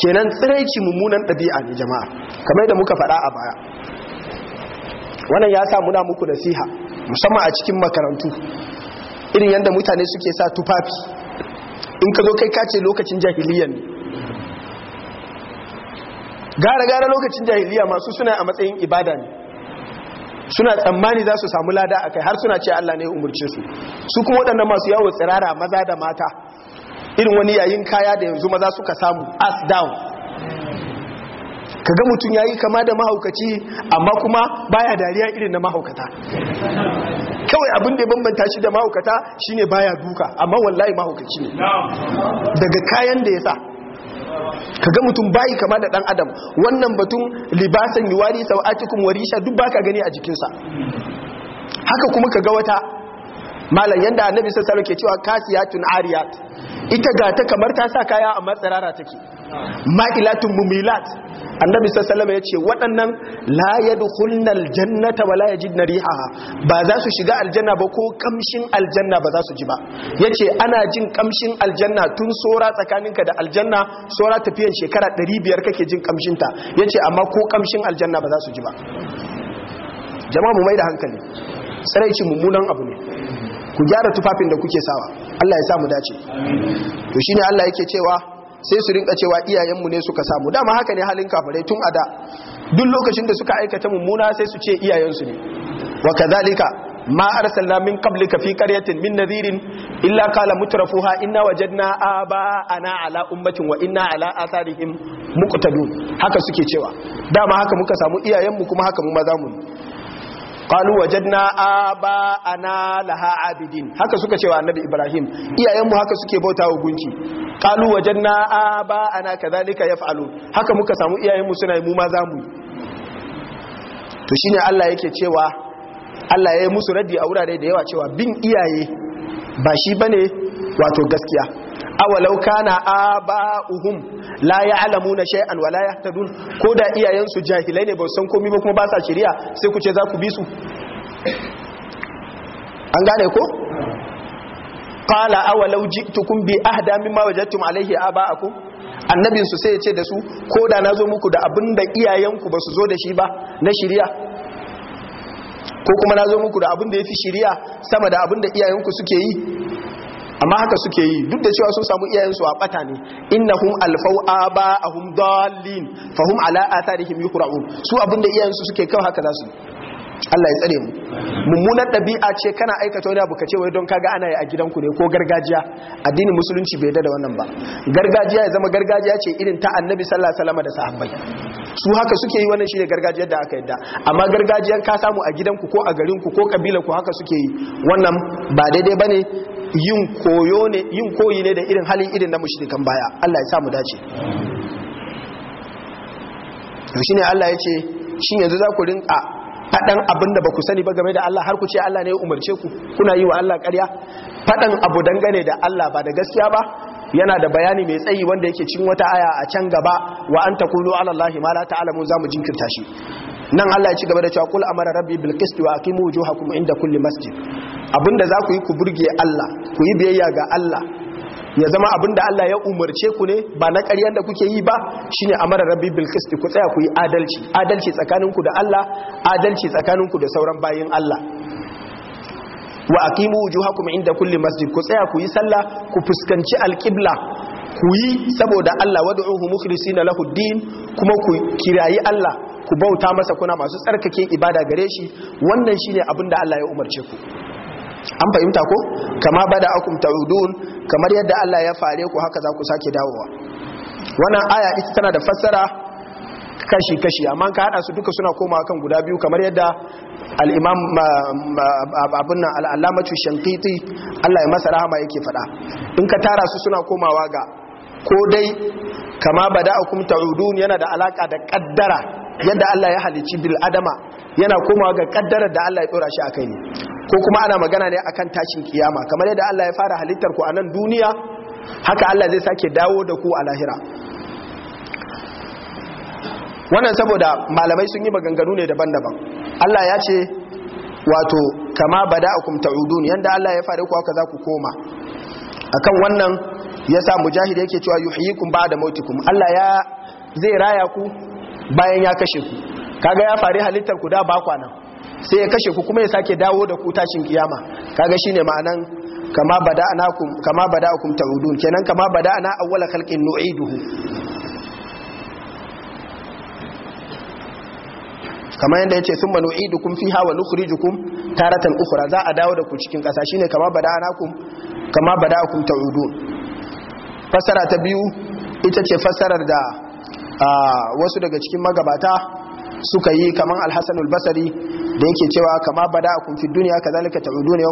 kenan tsiraici mummunan ɗabi'a ne jama'a kamar da muka faɗa a baya wannan ya sa muna muku nasiha musamman a cikin makarantu irin yadda mutane suke sa tufafi in ka zo kai kace lokacin jahiliya ne gara-gara lokacin jahiliya masu suna a matsayin ibada ne suna tsammani za su samu lada a kai har suna ce Allah ne umarce su su kuma waɗannan masu yawon tsirara maza da mata irin wani yayin kaya da yanzu maza suka samu as down Ka ga mutum ya yi kama da mahaukaci amma kuma baya dariya irin na mahaukata kawai abin da ya bambanta shi da mahaukata shine baya duka amma wallahi mahaukaci ne daga kayan da ya sa kaga mutum bayi kama da dan adam wannan batun libasan yuwari sawatikum warisha duk baka gani a jikinsa haka kuma ka ga wata malam yadda annabi sallallahu alaihi ke cewa kasiyatun ariyat ita ga ta kamar ta sa kaya amma tsirara take ma'ilatun mumilat annabi alaihi ya ce waɗannan la ya jannata wala ya ba za su shiga aljanna ba ko kamshin aljanna ba za su ji ba yace ana jin kamshin aljanna tun sora tsakaninka da aljanna sora tafiyan shekara 500 kake jin kamshin ya ce amma ko kamshin aljanna ba za su ji ba jama'a mu mai da hankali tsaraici mummunan abu ne ku gyara tufafin da kuke sawa Allah ya sa mu dace to shine Allah yake cewa sai su rinka cewa iyayenmu ne suka samu dama haka ne halin kafirai tun a da duk lokacin da suka aikata mummuna sai su ce iyayensu ne wa kadhalika ma arsalna min qablika fi qaryatin min nadhirin illa qala mutrafuha inna wajadna ana ala ummatin wa inna ala atharihim muqtadun haka suke cewa dama haka muka samu iyayenmu kuma haka mu ma zamu qalu wajadna aba'ana laha abidin haka suka cewa annabi ibrahim iyayen mu haka suke bauta bautawa gunki qalu wajadna ya kadhalika yaf'alun haka muka samu iyayen mu suna yi mu ma zamu to shine Allah yake cewa Allah ya yi musu radi a wurare da yawa cewa bin iyaye ba shi bane wato gaskiya awalau kana aba'uhum la ya'lamuna shay'an wa la yahtadun ko da iyayen su jahilai ne ba san komai ba kuma ba sa shirya sai ku ce za ku bi su an gane ko qala awalau jitukum bi ahda mimma wajadtum alayhi aba'akum annabin su sai ya ce da su ko da nazo muku da da iyayenku ba su zo da shi ba na shirya, ko kuma na zo muku da abin da ya fi shirya sama da abin da iyayenku suke yi amma haka suke yi duk da cewa sun samu iyayensu a bata ne innahum alfau aba'ahum dallin fahum ala atarihim yuqra'un su abinda iyayensu suke kawai haka zasu Allah ya tsare mu mummunar dabi'a ce kana aikata wani abu kace wai don kaga ana yi a gidanku ne ko gargajiya addinin musulunci bai da wannan ba gargajiya ya zama gargajiya ce irin ta annabi sallallahu alaihi wasallam da sahabbai su haka suke yi wannan shine gargajiyar da aka yadda amma gargajiyar ka samu a gidanku ko a garinku ko kabilanku haka suke yi wannan ba daidai bane yin koyo ne yin koyi ne da irin halin irin na mushrikan baya Allah ya samu dace to shine Allah ya ce shin yanzu za ku rinka fadan abinda baku ba ku sani ba game da Allah har ku ce Allah ne ya umarce ku kuna yi wa Allah ƙarya fadan abu dangane da Allah ba da gaskiya ba yana da bayani mai tsayi wanda yake cin wata aya a can gaba wa an taqulu ala Allah ma la ta'lamu zamu jinkirta shi nan Allah ya ci gaba da cewa kul amara rabbi bil qist wa aqimu wujuhakum inda kulli masjid abinda za ku yi ku burge Allah ku yi biyayya ga Allah ya zama abinda Allah ya umarce ku ne ba na ƙaryar da kuke yi ba shine amara rabbi bil qist ku tsaya ku yi adalci adalci tsakaninku da Allah adalci tsakaninku da sauran bayin Allah wa aqimu wujuhakum inda kulli masjid ku tsaya ku yi sallah ku fuskanci alqibla ku yi saboda Allah wad'uhu mukhlisina lahu din kuma ku kirayi Allah ku bauta masa kuna masu tsarkake ibada gare shi wannan shine abin da Allah ya umarce ku an fahimta ko kama bada akum ta'udun kamar yadda Allah ya fare ku haka za ku sake dawowa wannan aya ita tana da fassara kashi-kashi amma ka hada su duka suna koma kan guda biyu kamar yadda al'imam abin nan al'alamacin shankiti allah ya masa rahama yake fada in ka tara su suna komawa ga ko dai kama ba da akum ta'udun yana da alaka da kaddara yadda allah ya halici bil adama yana komawa ga kaddara da allah ya dora shi a kai ne ko kuma ana magana ne akan tashin kiyama kamar yadda allah ya fara halittar ku a nan duniya haka allah zai sake dawo da ku a lahira wannan saboda malamai sun yi maganganu ne daban-daban Allah ya ce wato kama bada'akum ta'udun yanda Allah ya fare ku haka za ku koma kan wannan ya sa mujahid yake cewa yuhyikum ba'da mautikum Allah ya zai raya ku bayan ya kashe ku kaga ya fari halittar ku da ba kwana sai ya kashe ku kuma ya sake dawo da ku tashin kiyama kaga shine ma'anan kama bada'nakum kama bada'akum ta'udun kenan kama auwala awwala khalqin nu'iduhu kamar yadda ya ce sun idu kun fi hawa wa jikun taratan ufura za a dawo da ku cikin kasa ne kama kun kama ta udu. fassara ta biyu ita ce fassarar da ah, wasu daga cikin magabata suka yi kamar alhassan albasari da yake cewa kama bada kun fi duniya ka ta kazalika ta'uduna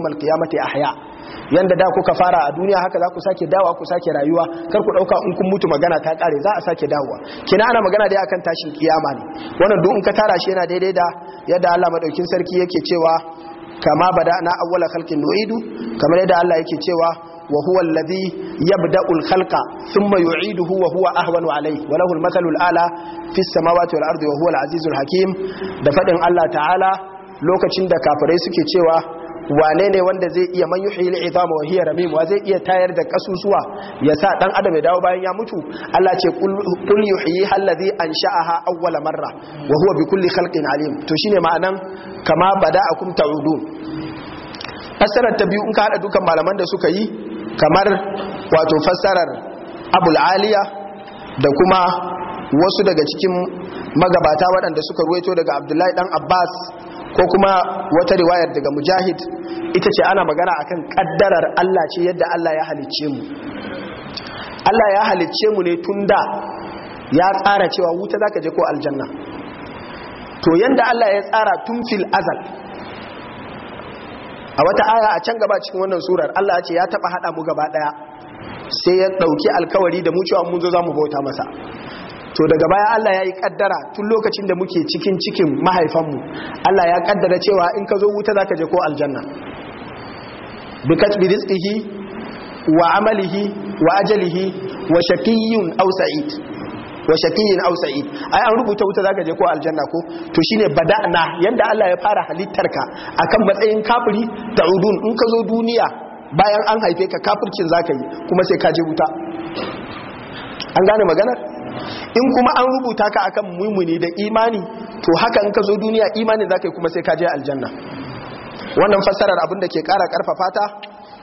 mata ya haya. Yadda da kuka fara a duniya haka za ku sake dawa ku sake rayuwa kar ku ɗauka in kun mutu magana ta kare za a sake dawowa kina ana magana da akan tashin kiyama ne wannan duk in ka tara shi yana daidai da yadda Allah madaukin sarki yake cewa kama bada na awwala khalqin nu'idu kamar yadda Allah yake cewa wa huwa alladhi yabda'u al-khalqa thumma yu'iduhu wa huwa ahwanu alayhi wa lahu al ala fi as-samawati wal ardi wa huwa al hakim da fadin Allah ta'ala lokacin da kafirai suke cewa wane ne wanda zai iya man yuhi al wa hiya ramim wa zai iya tayar da kasusuwa ya sa dan adam ya dawo bayan ya mutu Allah ce kul yuhyi allazi ansha'aha awwala marra wa huwa bi kulli khalqin alim to shine ma'anan kama bada'akum ta'udun fassarar ta biyu in ka hada dukan malaman da suka yi kamar wato fassarar abul aliya da kuma wasu daga cikin magabata waɗanda suka ruwaito daga abdullahi ɗan abbas ko kuma wata riwayar daga mujahid ita ce ana magana akan ƙaddarar allah ce yadda allah ya halicce mu allah ya halicce mu ne tun da ya tsara cewa wuta za ka je ko aljanna to yadda allah ya tsara tun fil azal a wata aya a can gaba cikin wannan surar Allah ya ce ya taba hada mu gaba daya sai ya dauki alkawari da mu cewa mun zo za mu bauta masa to daga baya Allah ya yi kaddara tun lokacin da muke cikin cikin mahaifanmu Allah ya kaddara cewa in ka zo wuta zaka je ko aljanna bi rizqihi wa amalihi wa ajalihi wa shaqiyyun aw sa'id wa shakiyin aw sa'id ai an rubuta wuta zaka je ko aljanna ko to shine bada'na yanda Allah ya fara ka akan matsayin kafiri ta'udun in ka zo duniya bayan an haife ka kafircin zaka yi kuma sai ka je wuta an gane maganar in kuma an rubuta ka akan mumuni da imani to haka in ka zo duniya imani zaka yi kuma sai ka je aljanna wannan fassarar abin da ke kara karfafa ta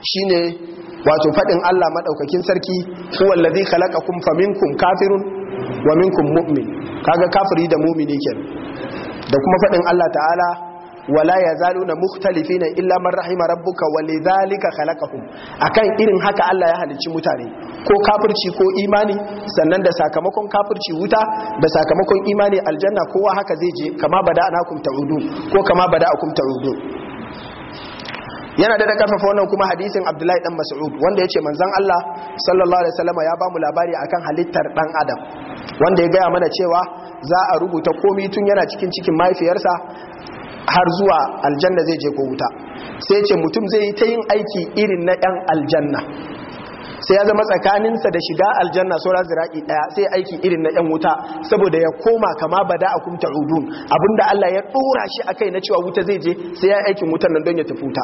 shine wato fadin Allah madaukakin sarki huwallazi khalaqakum faminkum kafirun wa minkum mu'min kaga kafiri da mu'mini kenan da kuma fadin Allah ta'ala wala yazaluna mukhtalifina illa man rahima rabbuka walidhalika khalaqahum akan irin haka Allah ya halicci mutane ko kafirci ko imani sannan da sakamakon kafirci wuta da sakamakon imani aljanna kowa haka zai je kama bada'nakum ta'udun ko kama bada bada'akum ta'udun yana da karfafa wannan kuma hadisin abdullahi dan mas'ud wanda yace manzon Allah sallallahu alaihi wasallam ya ba mu labari akan halittar dan adam wanda ya gaya mana cewa za a rubuta komai tun yana cikin cikin mahaifiyarsa har zuwa aljanna zai je ko wuta sai ce mutum zai yi ta yin aiki irin na yan aljanna sai ya zama tsakaninsa da shiga aljanna saura zira'i daya sai aiki irin na yan wuta saboda ya koma kama bada a kumta udun abinda Allah ya dora shi a kai na cewa wuta zai je sai ya aikin wutan nan don ya tafi wuta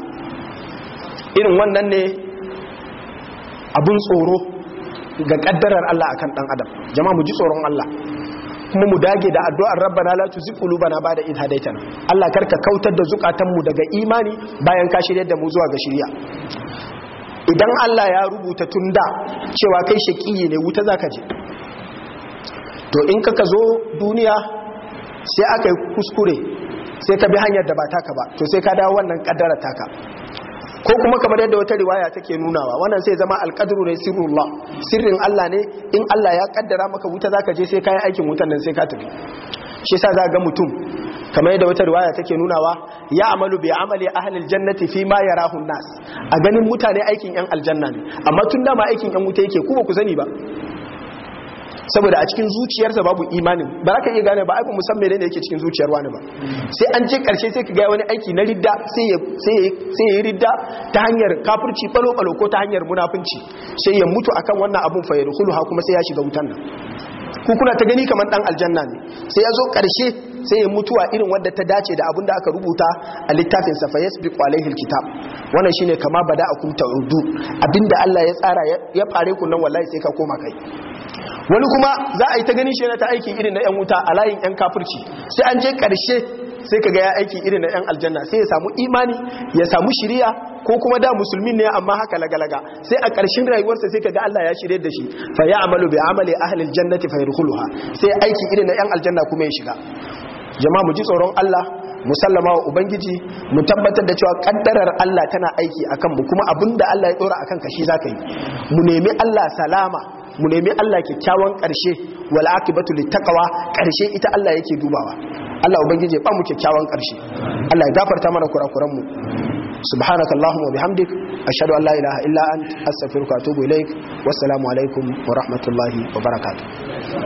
irin wannan ne abun tsoro ga kaddarar Allah akan dan adam jama'a mu ji tsoron Allah kuma mu dage da addu'ar rabbana la tuzigh bana ba'da idh hadaitana Allah karka kautar da zukatan mu daga imani bayan ka shiryar da mu zuwa ga shiriya idan Allah ya rubuta tun da cewa kai shaƙiyi ne wuta za ka je to in ka zo duniya sai aka yi kuskure sai ka bi hanyar da ba taka ba to sai ka dawo wannan kaddara taka ko kuma kamar yadda wata riwaya take nunawa wannan sai zama alqadru ne sirrullah sirrin Allah ne in Allah ya kaddara maka wuta zaka je sai kai aikin wutan nan sai ka tafi shi yasa za ga mutum kamar yadda wata riwaya take nunawa ya amalu bi amali ahlil jannati fi ma yarahu nas a ganin mutane aikin yan aljanna ne amma tun da ma aikin yan wuta yake ku ba ku sani ba saboda a cikin zuciyarsa babu imanin ba za ka iya gane ba aikin musamman ne yake cikin zuciyar wani ba sai an je karshe sai ka gaya wani aiki na ridda sai ya yi ridda ta hanyar kafirci balo-balo ko ta hanyar munafunci sai ya mutu akan wannan abun hulu ha kuma sai ya shiga wutan nan Kukuna ta gani kamar dan aljanna ne sai ya zo karshe sai ya mutuwa irin wanda ta dace da abin da aka rubuta a littafin sa fa bi alaihi kitab. wannan shine kama bada akum ta'udu abinda Allah ya tsara ya fare ku nan wallahi sai ka koma kai wani kuma za a yi ta ganin shi na ta aiki irin na yan wuta a layin yan kafirci sai an je karshe sai ka ga ya aiki irin na yan aljanna sai ya samu imani ya samu shiriya ko kuma da musulmi ne amma haka lagalaga sai a ƙarshen rayuwarsa sai ka ga Allah ya shirye da shi fa ya amalu bi amali ahli aljannati fa yadkhuluha sai aiki irin na yan aljanna kuma ya shiga jama'a mu ji tsoron Allah mu sallama wa ubangiji mu tabbatar da cewa kaddarar Allah tana aiki akan mu kuma abinda Allah ya dora akan kashi shi zaka yi mu nemi Allah salama mu nemi Allah kyakkyawan karshe wal akibatu littaqwa karshe ita Allah yake dubawa Allah ya ba mu kyakkyawan karshe Allah ya gafarta mana kurakuran mu subhanaka allahumma bihamdik ashhadu an la ilaha illa ant astaghfiruka wa atubu ilaik wassalamu alaikum wa rahmatullahi wa